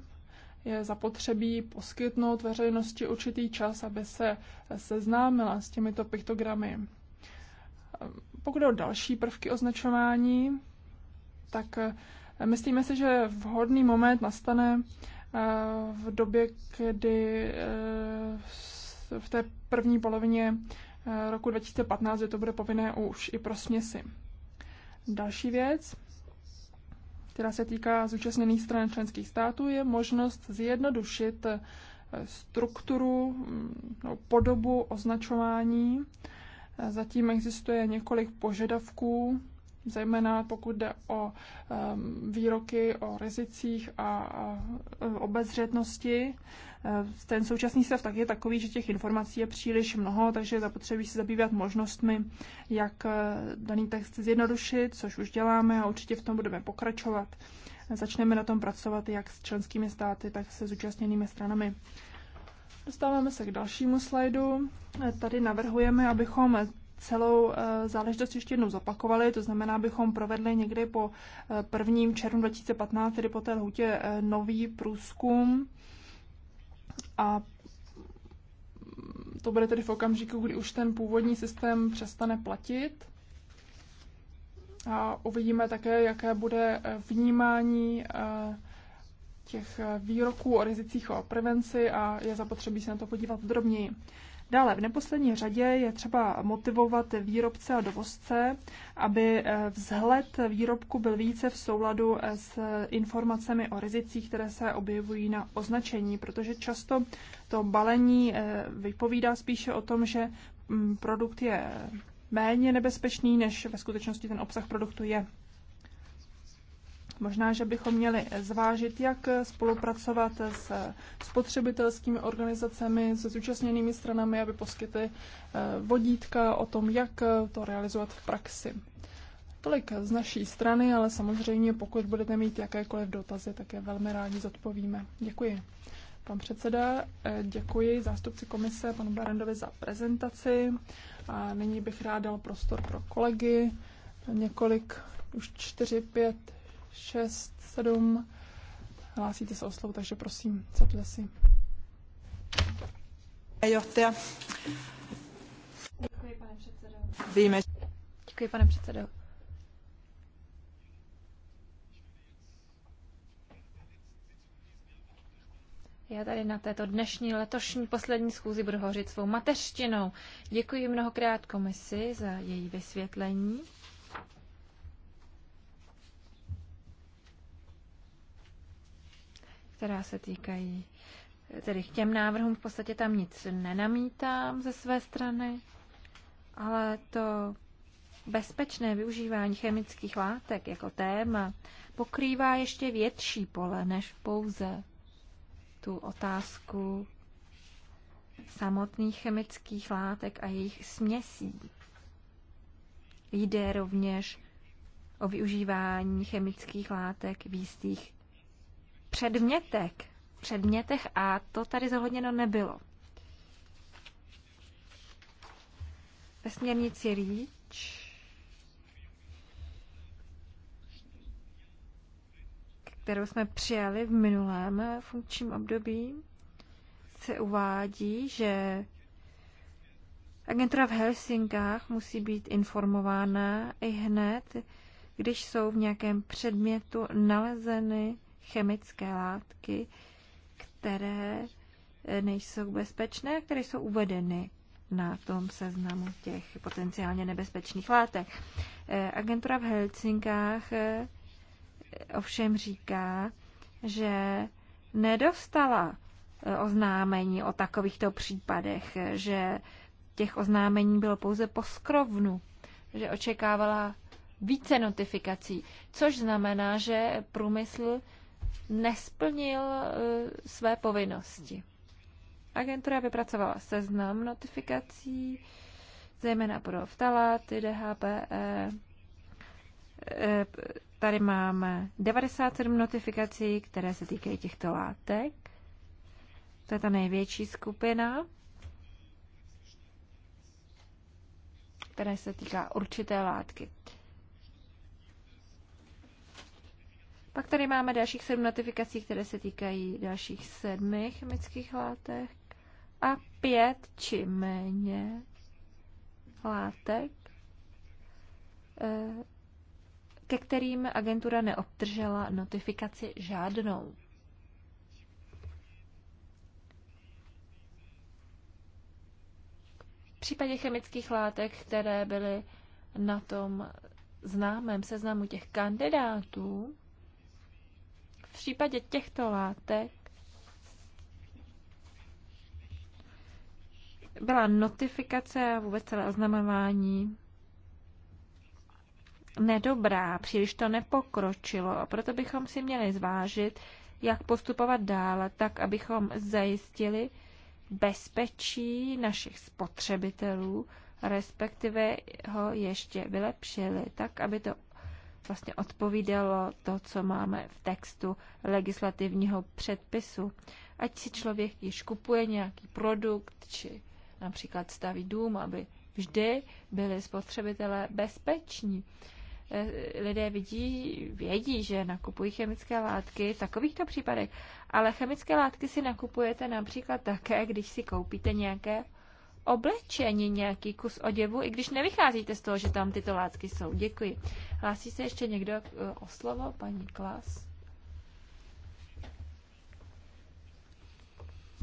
je zapotřebí poskytnout veřejnosti určitý čas, aby se seznámila s těmito piktogramy. Pokud o další prvky označování, tak eh, myslíme si, že vhodný moment nastane eh, v době, kdy eh, v té první polovině roku 2015, kdy to bude povinné už i pro směsi. Další věc, která se týká zúčastněných stran členských států, je možnost zjednodušit eh, strukturu no, podobu označování. Eh, zatím existuje několik požadavků zejména pokud jde o um, výroky o rizicích a e, obezřetnosti. E, ten současný stav tak je takový, že těch informací je příliš mnoho, takže je zapotřebí se zabývat možnostmi, jak e, daný text zjednodušit, což už děláme a určitě v tom budeme pokračovat. Začneme na tom pracovat jak s členskými státy, tak se zúčastněnými stranami. Dostáváme se k dalšímu slajdu. Tady navrhujeme, abychom celou eh, záležitost ještě jednou zopakovali, to znamená, abychom provedli někdy po 1. Eh, červnu 2015, tedy po té lhutě, eh, nový průzkum a to bude tedy v okamžiku, kdy už ten původní systém přestane platit. A uvidíme také, jaké bude vnímání těch výroků o rizicích a o prevenci a je zapotřebí se na to podívat drobněji. Dále, v neposlední řadě je třeba motivovat výrobce a dovozce, aby eh, vzhled výrobku byl více v souladu s informacemi o rizicích, které se objevují na označení, protože často to balení eh, vypovídá spíše o tom, že mm, produkt je méně nebezpečný, než ve skutečnosti ten obsah produktu je. Možná, že bychom měli zvážit, jak spolupracovat s spotřebitelskými organizacemi, se zúčastněnými stranami, aby poskytly eh, vodítka o tom, jak eh, to realizovat v praxi. Tolik z naší strany, ale samozřejmě pokud budete mít jakékoliv dotazy, tak je velmi rádi zodpovíme. Děkuji. Pan předseda, eh, děkuji zástupci komise panu Barandovi za prezentaci. A nyní bych rád dal prostor pro kolegy. Několik, už čtyři, pět 6, 7. Hlásíte se o slovo, takže prosím, cepte si. Děkuji, pane předsedo. Víme. Děkuji, pane předsedo. Já tady na této dnešní letošní poslední schůzi budu hořit svou mateřštinou. Děkuji mnohokrát komisi za její vysvětlení. která se týkají, tedy k těm návrhům v podstatě tam nic nenamítám ze své strany, ale to bezpečné využívání chemických látek jako téma pokrývá ještě větší pole než pouze tu otázku samotných chemických látek a jejich směsí. Jde rovněž o využívání chemických látek v jistých předmětek, předmětech a to tady zahodněno nebylo. Ve směrnici REACH kterou jsme přijali v minulém funkčním období, se uvádí, že agentura v Helsinkách musí být informována i hned, když jsou v nějakém předmětu nalezeny chemické látky, které eh, nejsou bezpečné, které jsou uvedeny na tom seznamu těch potenciálně nebezpečných látek. Eh, agentura v Helsinkách eh, ovšem říká, že nedostala oznámení o takovýchto případech, že těch oznámení bylo pouze po skrovnu, že očekávala více notifikací, což znamená, že průmysl nesplnil eh, své povinnosti. Agentura vypracovala seznam notifikací, zejména pro vtaláty, DHPE. Eh, tady máme 97 notifikací, které se týkají těchto látek. To je ta největší skupina, které se týká určité látky. Pak tady máme dalších sedm notifikací, které se týkají dalších sedmi chemických látek a pět či méně látek, eh, ke kterým agentura neobdržela notifikaci žádnou. V případě chemických látek, které byly na tom známém seznamu těch kandidátů, případě těchto látek byla notifikace a vůbec celé oznamování nedobrá, příliš to nepokročilo a proto bychom si měli zvážit, jak postupovat dále, tak abychom zajistili bezpečí našich spotřebitelů, respektive ho ještě vylepšili, tak aby to vlastně odpovídalo to, co máme v textu legislativního předpisu. Ať si člověk již kupuje nějaký produkt, či například staví dům, aby vždy byli spotřebitelé bezpeční. Eh, lidé vidí, vědí, že nakupují chemické látky v takovýchto případech, ale chemické látky si nakupujete například také, když si koupíte nějaké oblečení, nějaký kus oděvu, i když nevycházíte z toho, že tam tyto látky jsou. Děkuji. Hlásí se ještě někdo eh, o slovo? Paní Klas?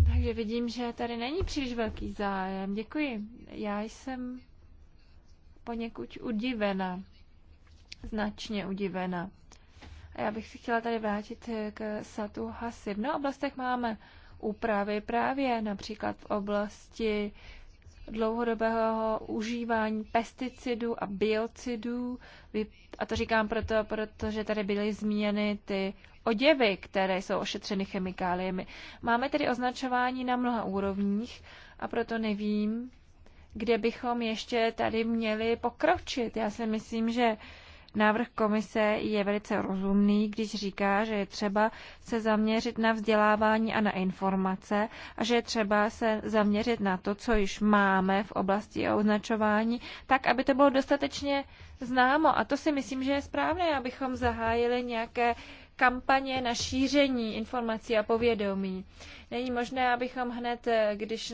Takže vidím, že tady není příliš velký zájem. Děkuji. Já jsem poněkud udivena. Značně udivena. A já bych si chtěla tady vrátit eh, k Satu Hasi. V mnoha oblastech máme úpravy právě například v oblasti dlouhodobého užívání pesticidů a biocidů. A to říkám proto, protože tady byly zmíněny ty oděvy, které jsou ošetřeny chemikáliemi. Máme tedy označování na mnoha úrovních a proto nevím, kde bychom ještě tady měli pokročit. Já si myslím, že Návrh komise je velice rozumný, když říká, že je třeba se zaměřit na vzdělávání a na informace a že je třeba se zaměřit na to, co již máme v oblasti označování, tak, aby to bylo dostatečně známo. A to si myslím, že je správné, abychom zahájili nějaké kampaně na šíření informací a povědomí. Není možné, abychom hned, když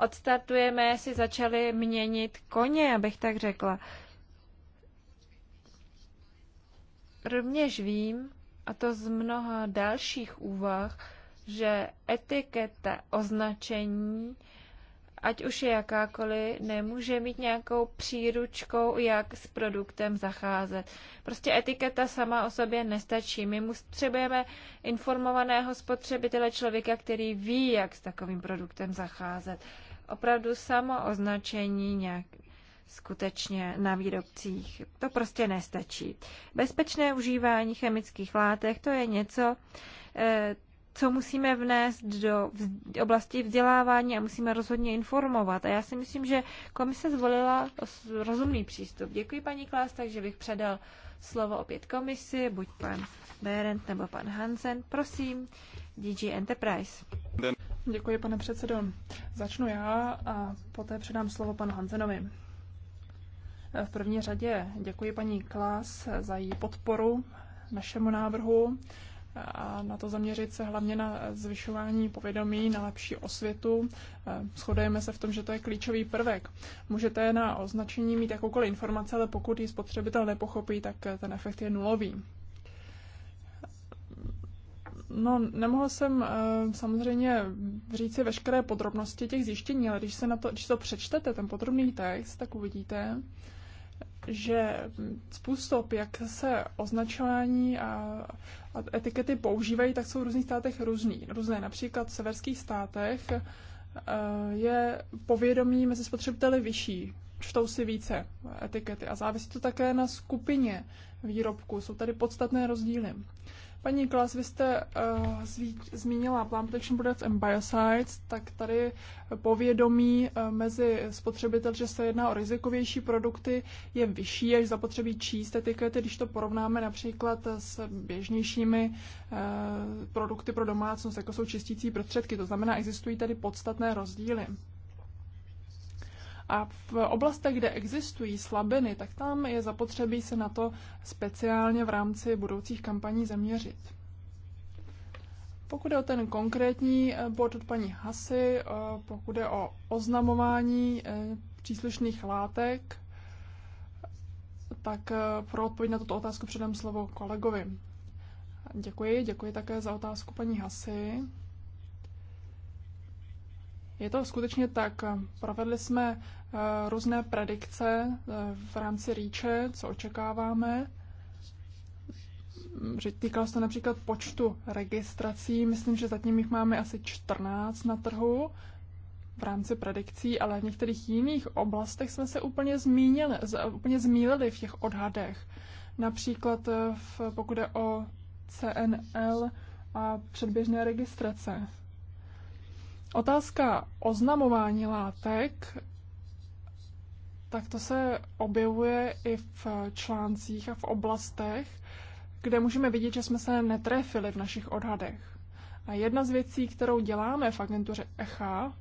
odstartujeme, si začali měnit koně, abych tak řekla. Rovněž vím, a to z mnoha dalších úvah, že etiketa označení, ať už je jakákoliv, nemůže mít nějakou příručkou, jak s produktem zacházet. Prostě etiketa sama o sobě nestačí. My potřebujeme informovaného spotřebitele člověka, který ví, jak s takovým produktem zacházet. Opravdu samo označení nějak, skutečně na výrobcích. To prostě nestačí. Bezpečné užívání chemických látek, to je něco, eh, co musíme vnést do oblasti vzdělávání a musíme rozhodně informovat. A já si myslím, že komise zvolila rozumný přístup. Děkuji paní Klás, takže bych předal slovo opět komisi, buď pan Berend nebo pan Hansen. Prosím, DG Enterprise. Děkuji, pane předsedo. Začnu já a poté předám slovo panu Hansenovi. V první řadě děkuji paní Klas za její podporu našemu návrhu a na to zaměřit se hlavně na zvyšování povědomí, na lepší osvětu. Shodujeme se v tom, že to je klíčový prvek. Můžete na označení mít jakoukoliv informaci, ale pokud ji spotřebitel nepochopí, tak ten efekt je nulový. No, nemohl jsem eh, samozřejmě říct si veškeré podrobnosti těch zjištění, ale když, se na to, když to přečtete, ten podrobný text, tak uvidíte, že způsob, jak se označování a, a etikety používají, tak jsou v různých státech různý. Různé například v severských státech eh, je povědomí mezi spotřebiteli vyšší, čtou si více etikety a závisí to také na skupině výrobku. Jsou tady podstatné rozdíly. Paní Klas, vy jste uh, zví, zmínila Plant Protection Products and Biocides, tak tady povědomí uh, mezi spotřebitel, že se jedná o rizikovější produkty, je vyšší, až zapotřebí číst etikety, když to porovnáme například s běžnějšími uh, produkty pro domácnost, jako jsou čistící prostředky. To znamená, existují tady podstatné rozdíly. A v oblastech, kde existují slabiny, tak tam je zapotřebí se na to speciálně v rámci budoucích kampaní zaměřit. Pokud je o ten konkrétní eh, bod od paní Hasy, eh, pokud je o oznamování eh, příslušných látek, tak pro odpověď na tuto otázku předám slovo kolegovi. Děkuji, děkuji také za otázku paní Hasy. Je to skutečně tak. Provedli jsme Eh, různé predikce eh, v rámci rýče, co očekáváme. Mm, týkalo se to například počtu registrací. Myslím, že zatím jich máme asi 14 na trhu v rámci predikcí, ale v některých jiných oblastech jsme se úplně, zmínili, úplně zmílili v těch odhadech. Například eh, v, pokud je o CNL a předběžné registrace. Otázka oznamování látek tak to se objevuje i v článcích a v oblastech, kde můžeme vidět, že jsme se netrefili v našich odhadech. A jedna z věcí, kterou děláme v agentuře ECHA,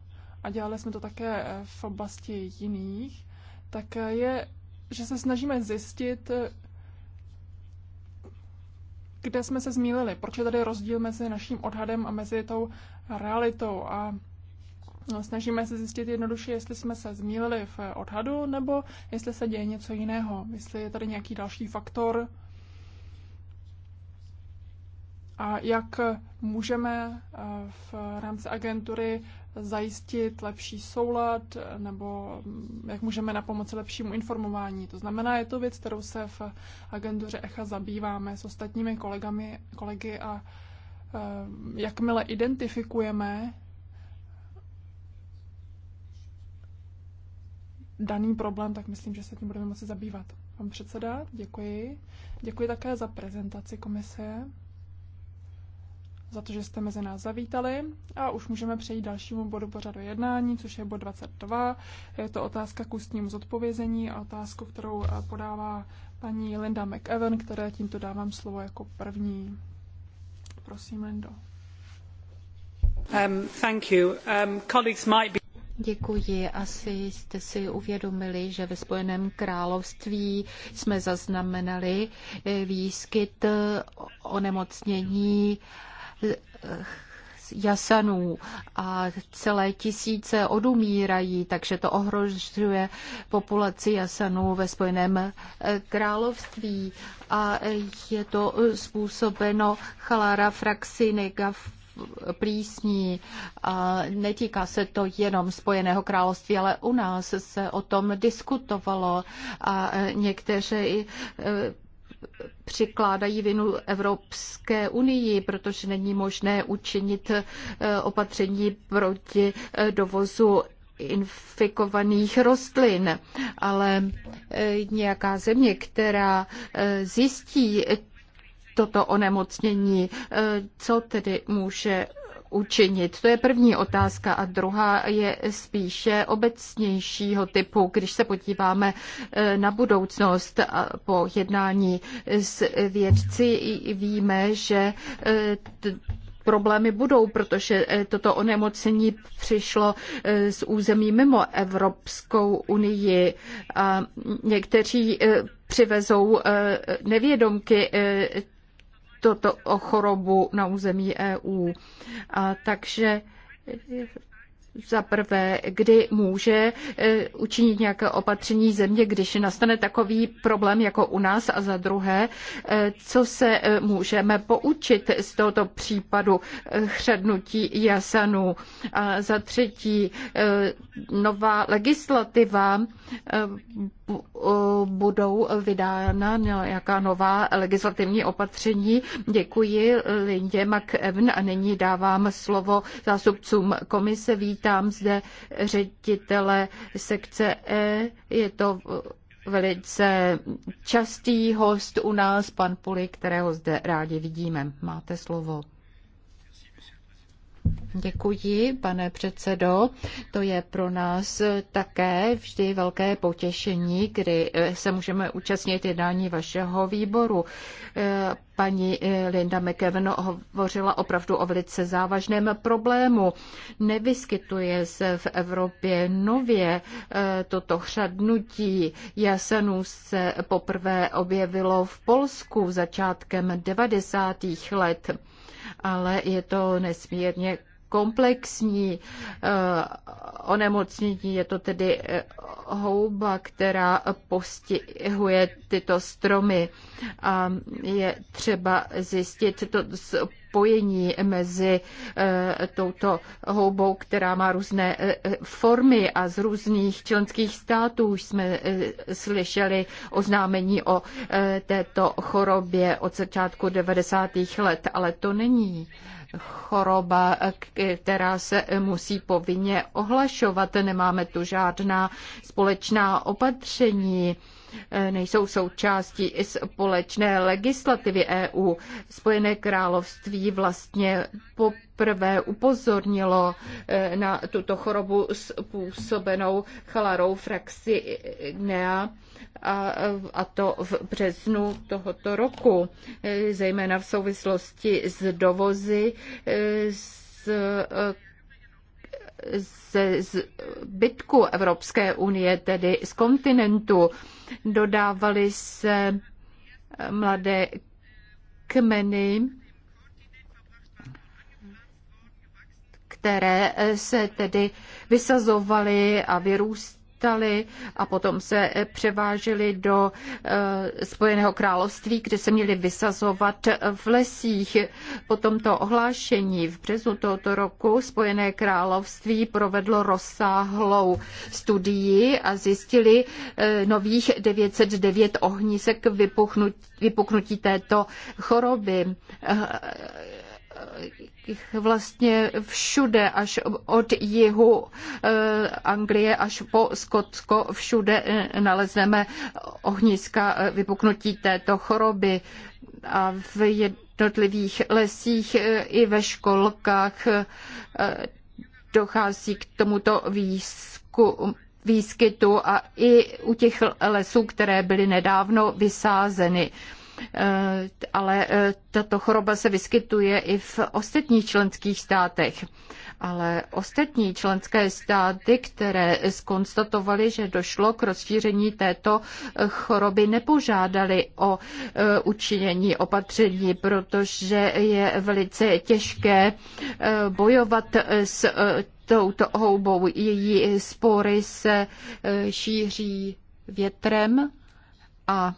a dělali jsme to také v oblasti jiných, tak je, že se snažíme zjistit, kde jsme se zmílili, proč je tady rozdíl mezi naším odhadem a mezi tou realitou. A No, snažíme se zjistit jednoduše, jestli jsme se zmílili v odhadu, nebo jestli se děje něco jiného, jestli je tady nějaký další faktor a jak můžeme eh, v rámci agentury zajistit lepší soulad, nebo mm, jak můžeme na pomoci lepšímu informování. To znamená, je to věc, kterou se v agentuře ECHA zabýváme s ostatními kolegami, kolegy a eh, jakmile identifikujeme daný problém, tak myslím, že se tím budeme moci zabývat. Pan předseda, děkuji. Děkuji také za prezentaci komise, za to, že jste mezi nás zavítali. A už můžeme přejít dalšímu bodu pořadu jednání, což je bod 22. Je to otázka k ústnímu zodpovězení a otázku, kterou eh, podává paní Linda McEwen, které tímto dávám slovo jako první. Prosím, Lindo. Um, thank you. Um, colleagues might be... Děkuji. Asi jste si uvědomili, že ve Spojeném království jsme zaznamenali eh, výskyt eh, onemocnění eh, jasanů a celé tisíce odumírají, takže to ohrožuje populaci jasanů ve Spojeném království a je to způsobeno chalara fraxinega plísní. A netýká se to jenom Spojeného království, ale u nás se o tom diskutovalo a někteří e, přikládají vinu Evropské unii, protože není možné učinit e, opatření proti e, dovozu infikovaných rostlin, ale nějaká země, která zjistí toto onemocnění. E, co tedy může učinit? To je první otázka a druhá je spíše obecnějšího typu, když se podíváme e, na budoucnost po jednání s vědci víme, že e, problémy budou, protože toto onemocnění přišlo z území mimo Evropskou unii. A někteří přivezou nevědomky toto chorobu na území EU. A takže eh, za prvé, kdy může eh, učinit nějaké opatření země, když nastane takový problém jako u nás a za druhé, eh, co se můžeme poučit z tohoto případu chřadnutí jasanu a za třetí nová legislativa budou vydána nějaká nová legislativní opatření. Děkuji Lindě McEwen a nyní dávám slovo zástupcům komise. Vítám zde ředitele sekce E. Je to velice častý host u nás, pan Puli, kterého zde rádi vidíme. Máte slovo. Děkuji, pane předsedo. To je pro nás také vždy velké potěšení, kdy eh, se můžeme účastnit jednání vašeho výboru. Eh, paní eh, Linda McKevin hovořila opravdu o velice závažném problému. Nevyskytuje se v Evropě nově toto chřadnutí. Jasanů se poprvé objevilo v Polsku začátkem 90. let ale je to nesmírně komplexní eh, onemocnění. Je to tedy eh, houba, která postihuje tyto stromy. A je třeba zjistit to spojení mezi eh, touto houbou, která má různé formy a z různých členských států už jsme slyšeli oznámení o této chorobě od začátku 90. let, ale to není choroba, která se musí povinně ohlašovat. Nemáme tu žádná společná opatření nejsou součástí společné legislativy EU. Spojené království vlastně poprvé upozornilo eh, na tuto chorobu způsobenou chalarou fraxi gnea a, a to v březnu tohoto roku, eh, zejména v souvislosti s dovozy z eh, ze zbytku Evropské unie, tedy z kontinentu. Dodávaly se mladé kmeny, které se tedy vysazovaly a vyrůstaly lítaly a potom se eh, převážely do eh, Spojeného království, kde se měly vysazovat eh, v lesích. Po tomto ohlášení v březnu tohoto roku Spojené království provedlo rozsáhlou studii a zjistili nových 909 ohnisek vypuknutí této choroby vlastně všude, až od jihu eh, Anglie až po Skotsko, všude eh, nalezneme ohniska eh, vypuknutí této choroby. A v jednotlivých lesích i ve školkách dochází k tomuto výzku, výskytu a i u těch lesů, které byly nedávno vysázeny. Eh, ale eh, tato choroba se vyskytuje i v ostatních členských státech. Ale ostatní členské státy, které skonstatovaly, že došlo k rozšíření této eh, choroby, nepožádali o učinění opatření, protože je velice těžké bojovat s touto houbou. Její spory se šíří větrem a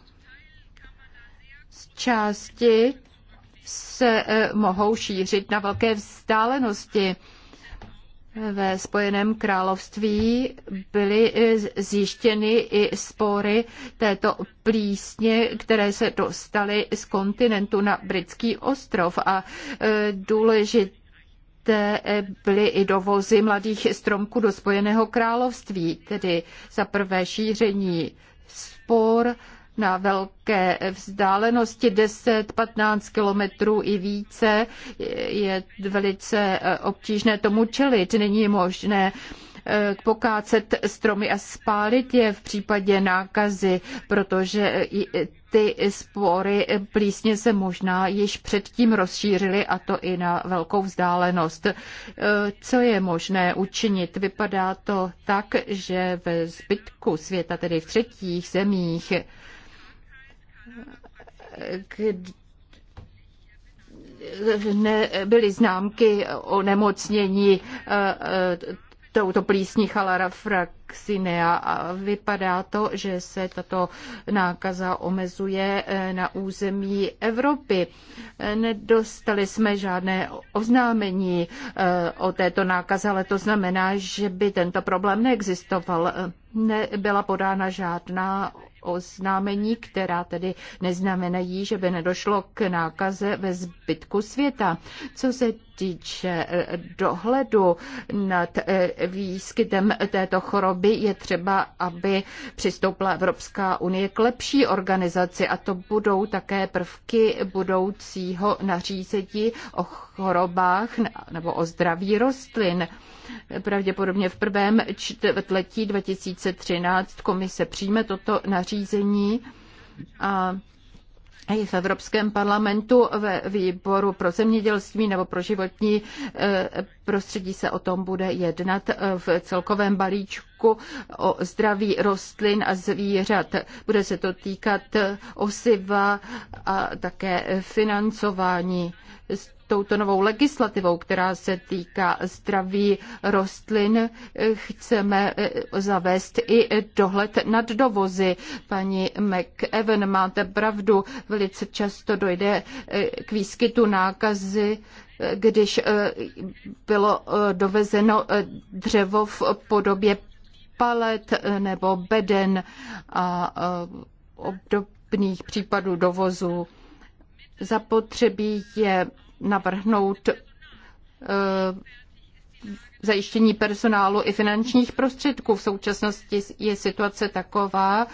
z části se eh, mohou šířit na velké vzdálenosti. Ve Spojeném království byly eh, zjištěny i spory této plísně, které se dostaly z kontinentu na britský ostrov a eh, důležité byly i dovozy mladých stromků do Spojeného království, tedy za prvé šíření spor, na velké vzdálenosti 10-15 kilometrů i více je velice eh, obtížné tomu čelit. Není možné eh, pokácet stromy a spálit je v případě nákazy, protože eh, ty spory plísně se možná již předtím rozšířily a to i na velkou vzdálenost. Co je možné učinit? Vypadá to tak, že ve zbytku světa, tedy v třetích zemích, ne, byly známky o nemocnění e, e, touto plísní chalarafraxinea a vypadá to, že se tato nákaza omezuje e, na území Evropy. Nedostali jsme žádné oznámení o této nákaze, ale to znamená, že by tento problém neexistoval. Nebyla podána žádná oznámení, která tedy neznamenají, že by nedošlo k nákaze ve zbytku světa. Co se týče eh, dohledu nad eh, výskytem této choroby, je třeba, aby přistoupila Evropská unie k lepší organizaci a to budou také prvky budoucího nařízení o chorobách nebo o zdraví rostlin. Pravděpodobně v prvém čtvrtletí 2013 komise přijme toto nařízení a i v Evropském parlamentu ve výboru pro zemědělství nebo pro životní eh, prostředí se o tom bude jednat eh, v celkovém balíčku o zdraví rostlin a zvířat. Bude se to týkat osiva a také financování touto novou legislativou, která se týká zdraví rostlin, chceme eh, zavést i dohled nad dovozy. Paní McEwen, máte pravdu, velice často dojde eh, k výskytu nákazy eh, když bylo dovezeno dřevo v podobě palet nebo beden a obdobných případů dovozu. Zapotřebí je navrhnout eh, zajištění personálu i finančních prostředků. V současnosti je situace taková,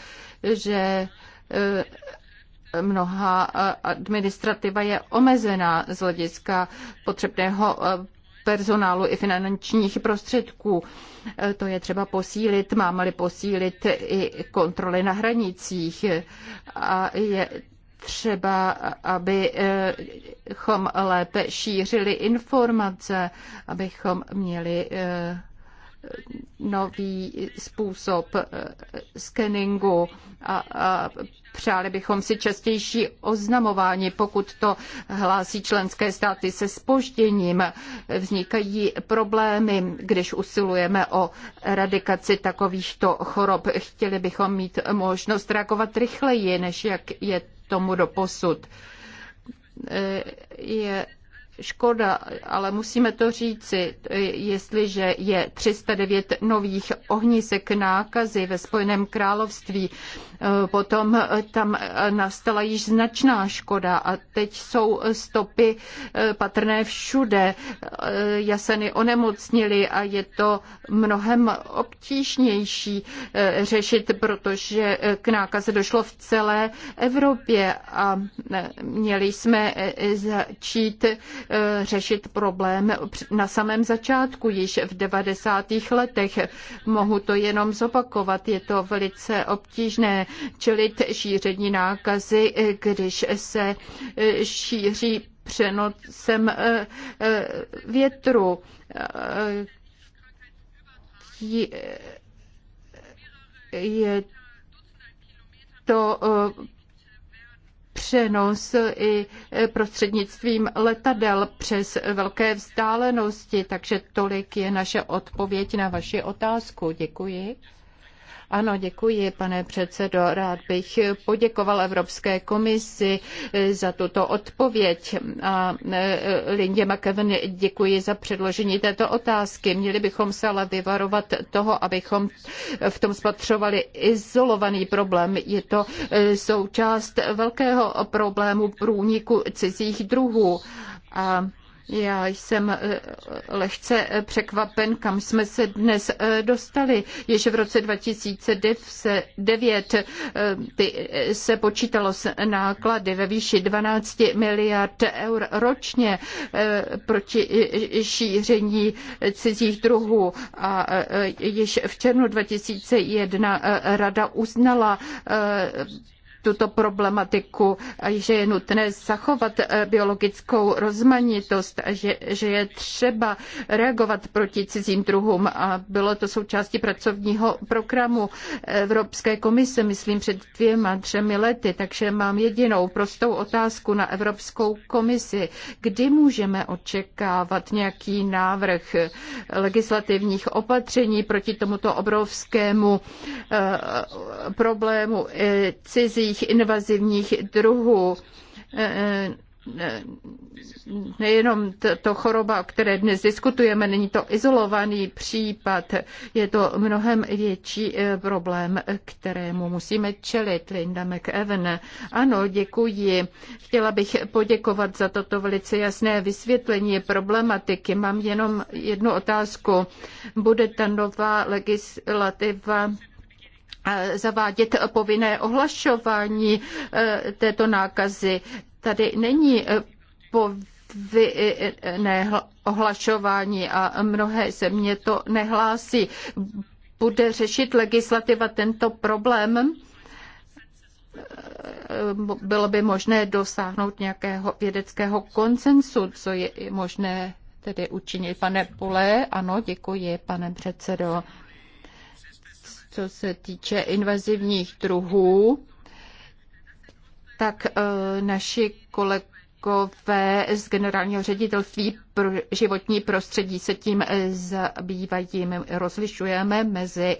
že eh, mnoha eh, administrativa je omezená z hlediska potřebného personálu i finančních prostředků. To je třeba posílit, máme-li posílit i kontroly na hranicích. A je třeba, abychom lépe šířili informace, abychom měli eh, nový způsob eh, skeningu a, a přáli bychom si častější oznamování, pokud to hlásí členské státy se spožděním. Vznikají problémy, když usilujeme o radikaci takovýchto chorob. Chtěli bychom mít možnost reagovat rychleji, než jak je tomu doposud. E, je škoda, ale musíme to říci, e, jestliže je 309 nových ohnisek nákazy ve Spojeném království, Eh, potom eh, tam eh, nastala již značná škoda a teď jsou stopy patrné všude. Jaseny onemocnily a je to mnohem obtížnější řešit, protože k nákaze došlo v celé Evropě a měli jsme začít řešit problém na samém začátku, již v 90. letech. Mohu to jenom zopakovat, je to velice obtížné čelit šíření nákazy, když se eh, šíří přenosem eh, eh, větru je to přenos i prostřednictvím letadel přes velké vzdálenosti. Takže tolik je naše odpověď na vaši otázku. Děkuji. Ano, děkuji, pane předsedo. Rád bych poděkoval Evropské komisi eh, za tuto odpověď. A eh, Lindě McEwen děkuji za předložení této otázky. Měli bychom se ale vyvarovat toho, abychom v tom spatřovali izolovaný problém. Je to eh, součást velkého problému průniku cizích druhů. A já jsem eh, lehce eh, překvapen, kam jsme se dnes eh, dostali. Již v roce 2009 se počítalo s náklady ve výši 12 miliard eur ročně proti šíření cizích druhů. A již v červnu 2001 rada uznala tuto problematiku a že je nutné zachovat eh, biologickou rozmanitost a že, že je třeba reagovat proti cizím druhům a bylo to součástí pracovního programu Evropské komise, myslím před dvěma, třemi lety, takže mám jedinou prostou otázku na Evropskou komisi. Kdy můžeme očekávat nějaký návrh legislativních opatření proti tomuto obrovskému eh, problému eh, cizí nových invazivních druhů e, e, nejenom to choroba, o které dnes diskutujeme, není to izolovaný případ, je to mnohem větší e, problém, kterému musíme čelit. Linda McEwen. Ano, děkuji. Chtěla bych poděkovat za toto velice jasné vysvětlení problematiky. Mám jenom jednu otázku. Bude ta nová legislativa zavádět povinné ohlašování eh, této nákazy. Tady není eh, povinné ohlašování a mnohé země to nehlásí. Bude řešit legislativa tento problém? Eh, bylo by možné dosáhnout nějakého vědeckého koncensu, co je možné tedy učinit. Pane Pulé, ano, děkuji, pane předsedo co se týče invazivních druhů, tak e, naši kolegové z generálního ředitelství pro životní prostředí se tím e, zabývají. My rozlišujeme mezi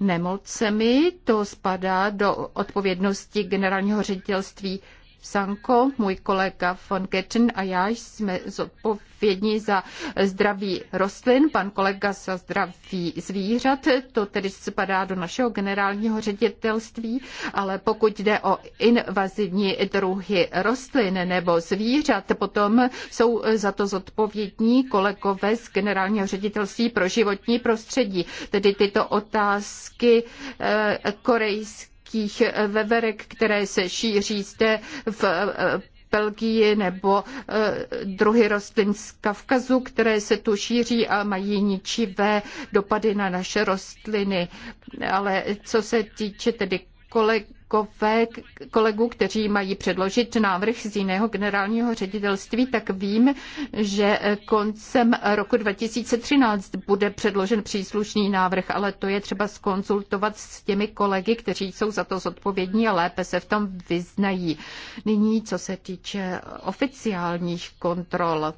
nemocemi, to spadá do odpovědnosti generálního ředitelství Sanko, můj kolega von Getten a já jsme zodpovědní za zdraví rostlin, pan kolega za zdraví zvířat, to tedy spadá do našeho generálního ředitelství, ale pokud jde o invazivní druhy rostlin nebo zvířat, potom jsou za to zodpovědní kolegové z generálního ředitelství pro životní prostředí, tedy tyto otázky eh, korejské nějakých veverek, které se šíří zde v eh, Belgii nebo eh, druhy rostlin z Kavkazu, které se tu šíří a mají ničivé dopady na naše rostliny. Ale co se týče tedy kolegové, kolegů, kteří mají předložit návrh z jiného generálního ředitelství, tak vím, že koncem roku 2013 bude předložen příslušný návrh, ale to je třeba skonzultovat s těmi kolegy, kteří jsou za to zodpovědní a lépe se v tom vyznají. Nyní, co se týče oficiálních kontrol,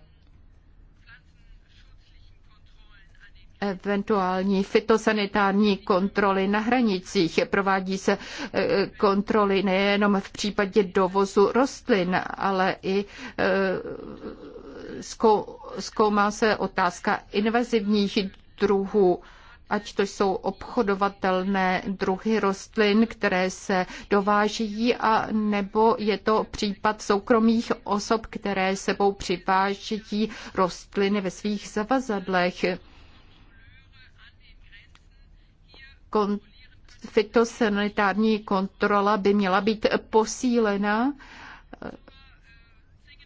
eventuální fitosanitární kontroly na hranicích. Provádí se eh, kontroly nejenom v případě dovozu rostlin, ale i eh, zkoumá se otázka invazivních druhů ať to jsou obchodovatelné druhy rostlin, které se dovážejí, a nebo je to případ soukromých osob, které sebou přivážejí rostliny ve svých zavazadlech. kon, fitosanitární kontrola by měla být posílena.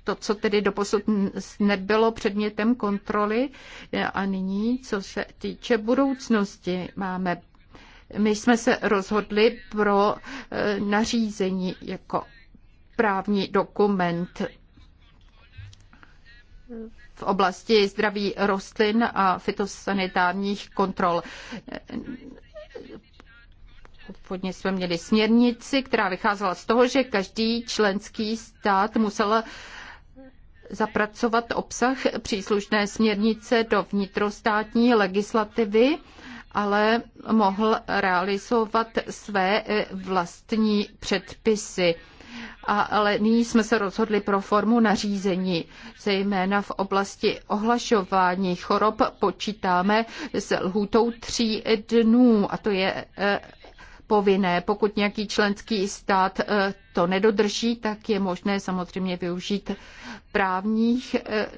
To, co tedy doposud nebylo předmětem kontroly. A nyní, co se týče budoucnosti, máme my jsme se rozhodli pro e, nařízení jako právní dokument v oblasti zdraví rostlin a fitosanitárních kontrol. Původně jsme měli směrnici, která vycházela z toho, že každý členský stát musel zapracovat obsah příslušné směrnice do vnitrostátní legislativy, ale mohl realizovat své eh, vlastní předpisy. A, ale nyní jsme se rozhodli pro formu nařízení. Zejména v oblasti ohlašování chorob počítáme s lhůtou tří dnů, a to je eh, povinné. Pokud nějaký členský stát eh, to nedodrží, tak je možné samozřejmě využít právních eh, eh,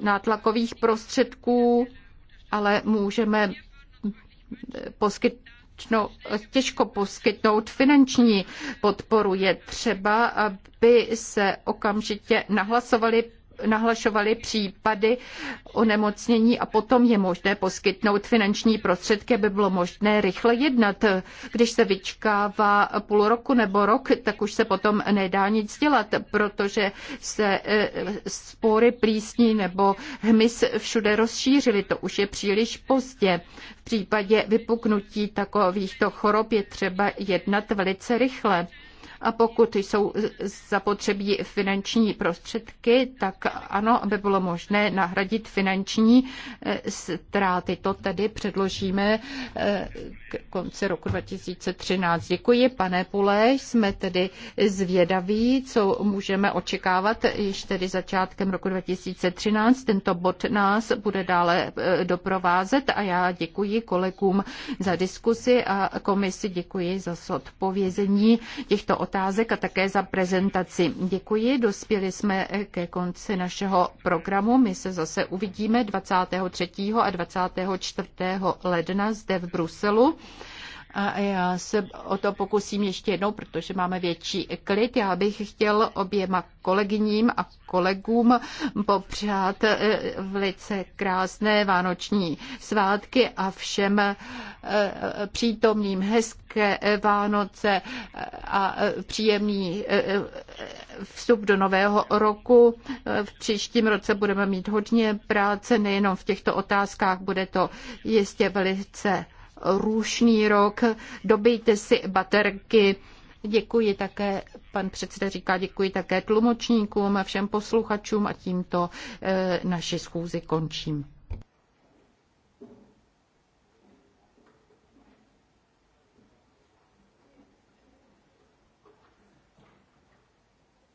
nátlakových prostředků, ale můžeme poskytnout těžko poskytnout finanční podporu. Je třeba, aby se okamžitě nahlasovali nahlašovaly případy onemocnění a potom je možné poskytnout finanční prostředky, aby bylo možné rychle jednat. Když se vyčkává půl roku nebo rok, tak už se potom nedá nic dělat, protože se eh, spory plísní nebo hmyz všude rozšířily. To už je příliš pozdě. V případě vypuknutí takovýchto chorob je třeba jednat velice rychle a pokud jsou zapotřebí finanční prostředky, tak ano, aby bylo možné nahradit finanční eh, ztráty. To tedy předložíme eh, k konci roku 2013. Děkuji, pane Pule, jsme tedy zvědaví, co můžeme očekávat již tedy začátkem roku 2013. Tento bod nás bude dále eh, doprovázet a já děkuji kolegům za diskusi a komisi děkuji za zodpovězení těchto otázek otázek a také za prezentaci. Děkuji, dospěli jsme eh, ke konci našeho programu. My se zase uvidíme 23. a 24. ledna zde v Bruselu. A já se o to pokusím ještě jednou, protože máme větší klid. Já bych chtěl oběma kolegyním a kolegům popřát eh, velice krásné vánoční svátky a všem eh, přítomným hezké Vánoce a eh, příjemný vstup do nového roku. V příštím roce budeme mít hodně práce, nejenom v těchto otázkách, bude to jistě velice rušný rok, dobijte si baterky. Děkuji také, pan předseda říká, děkuji také tlumočníkům a všem posluchačům a tímto eh, naši schůzi končím.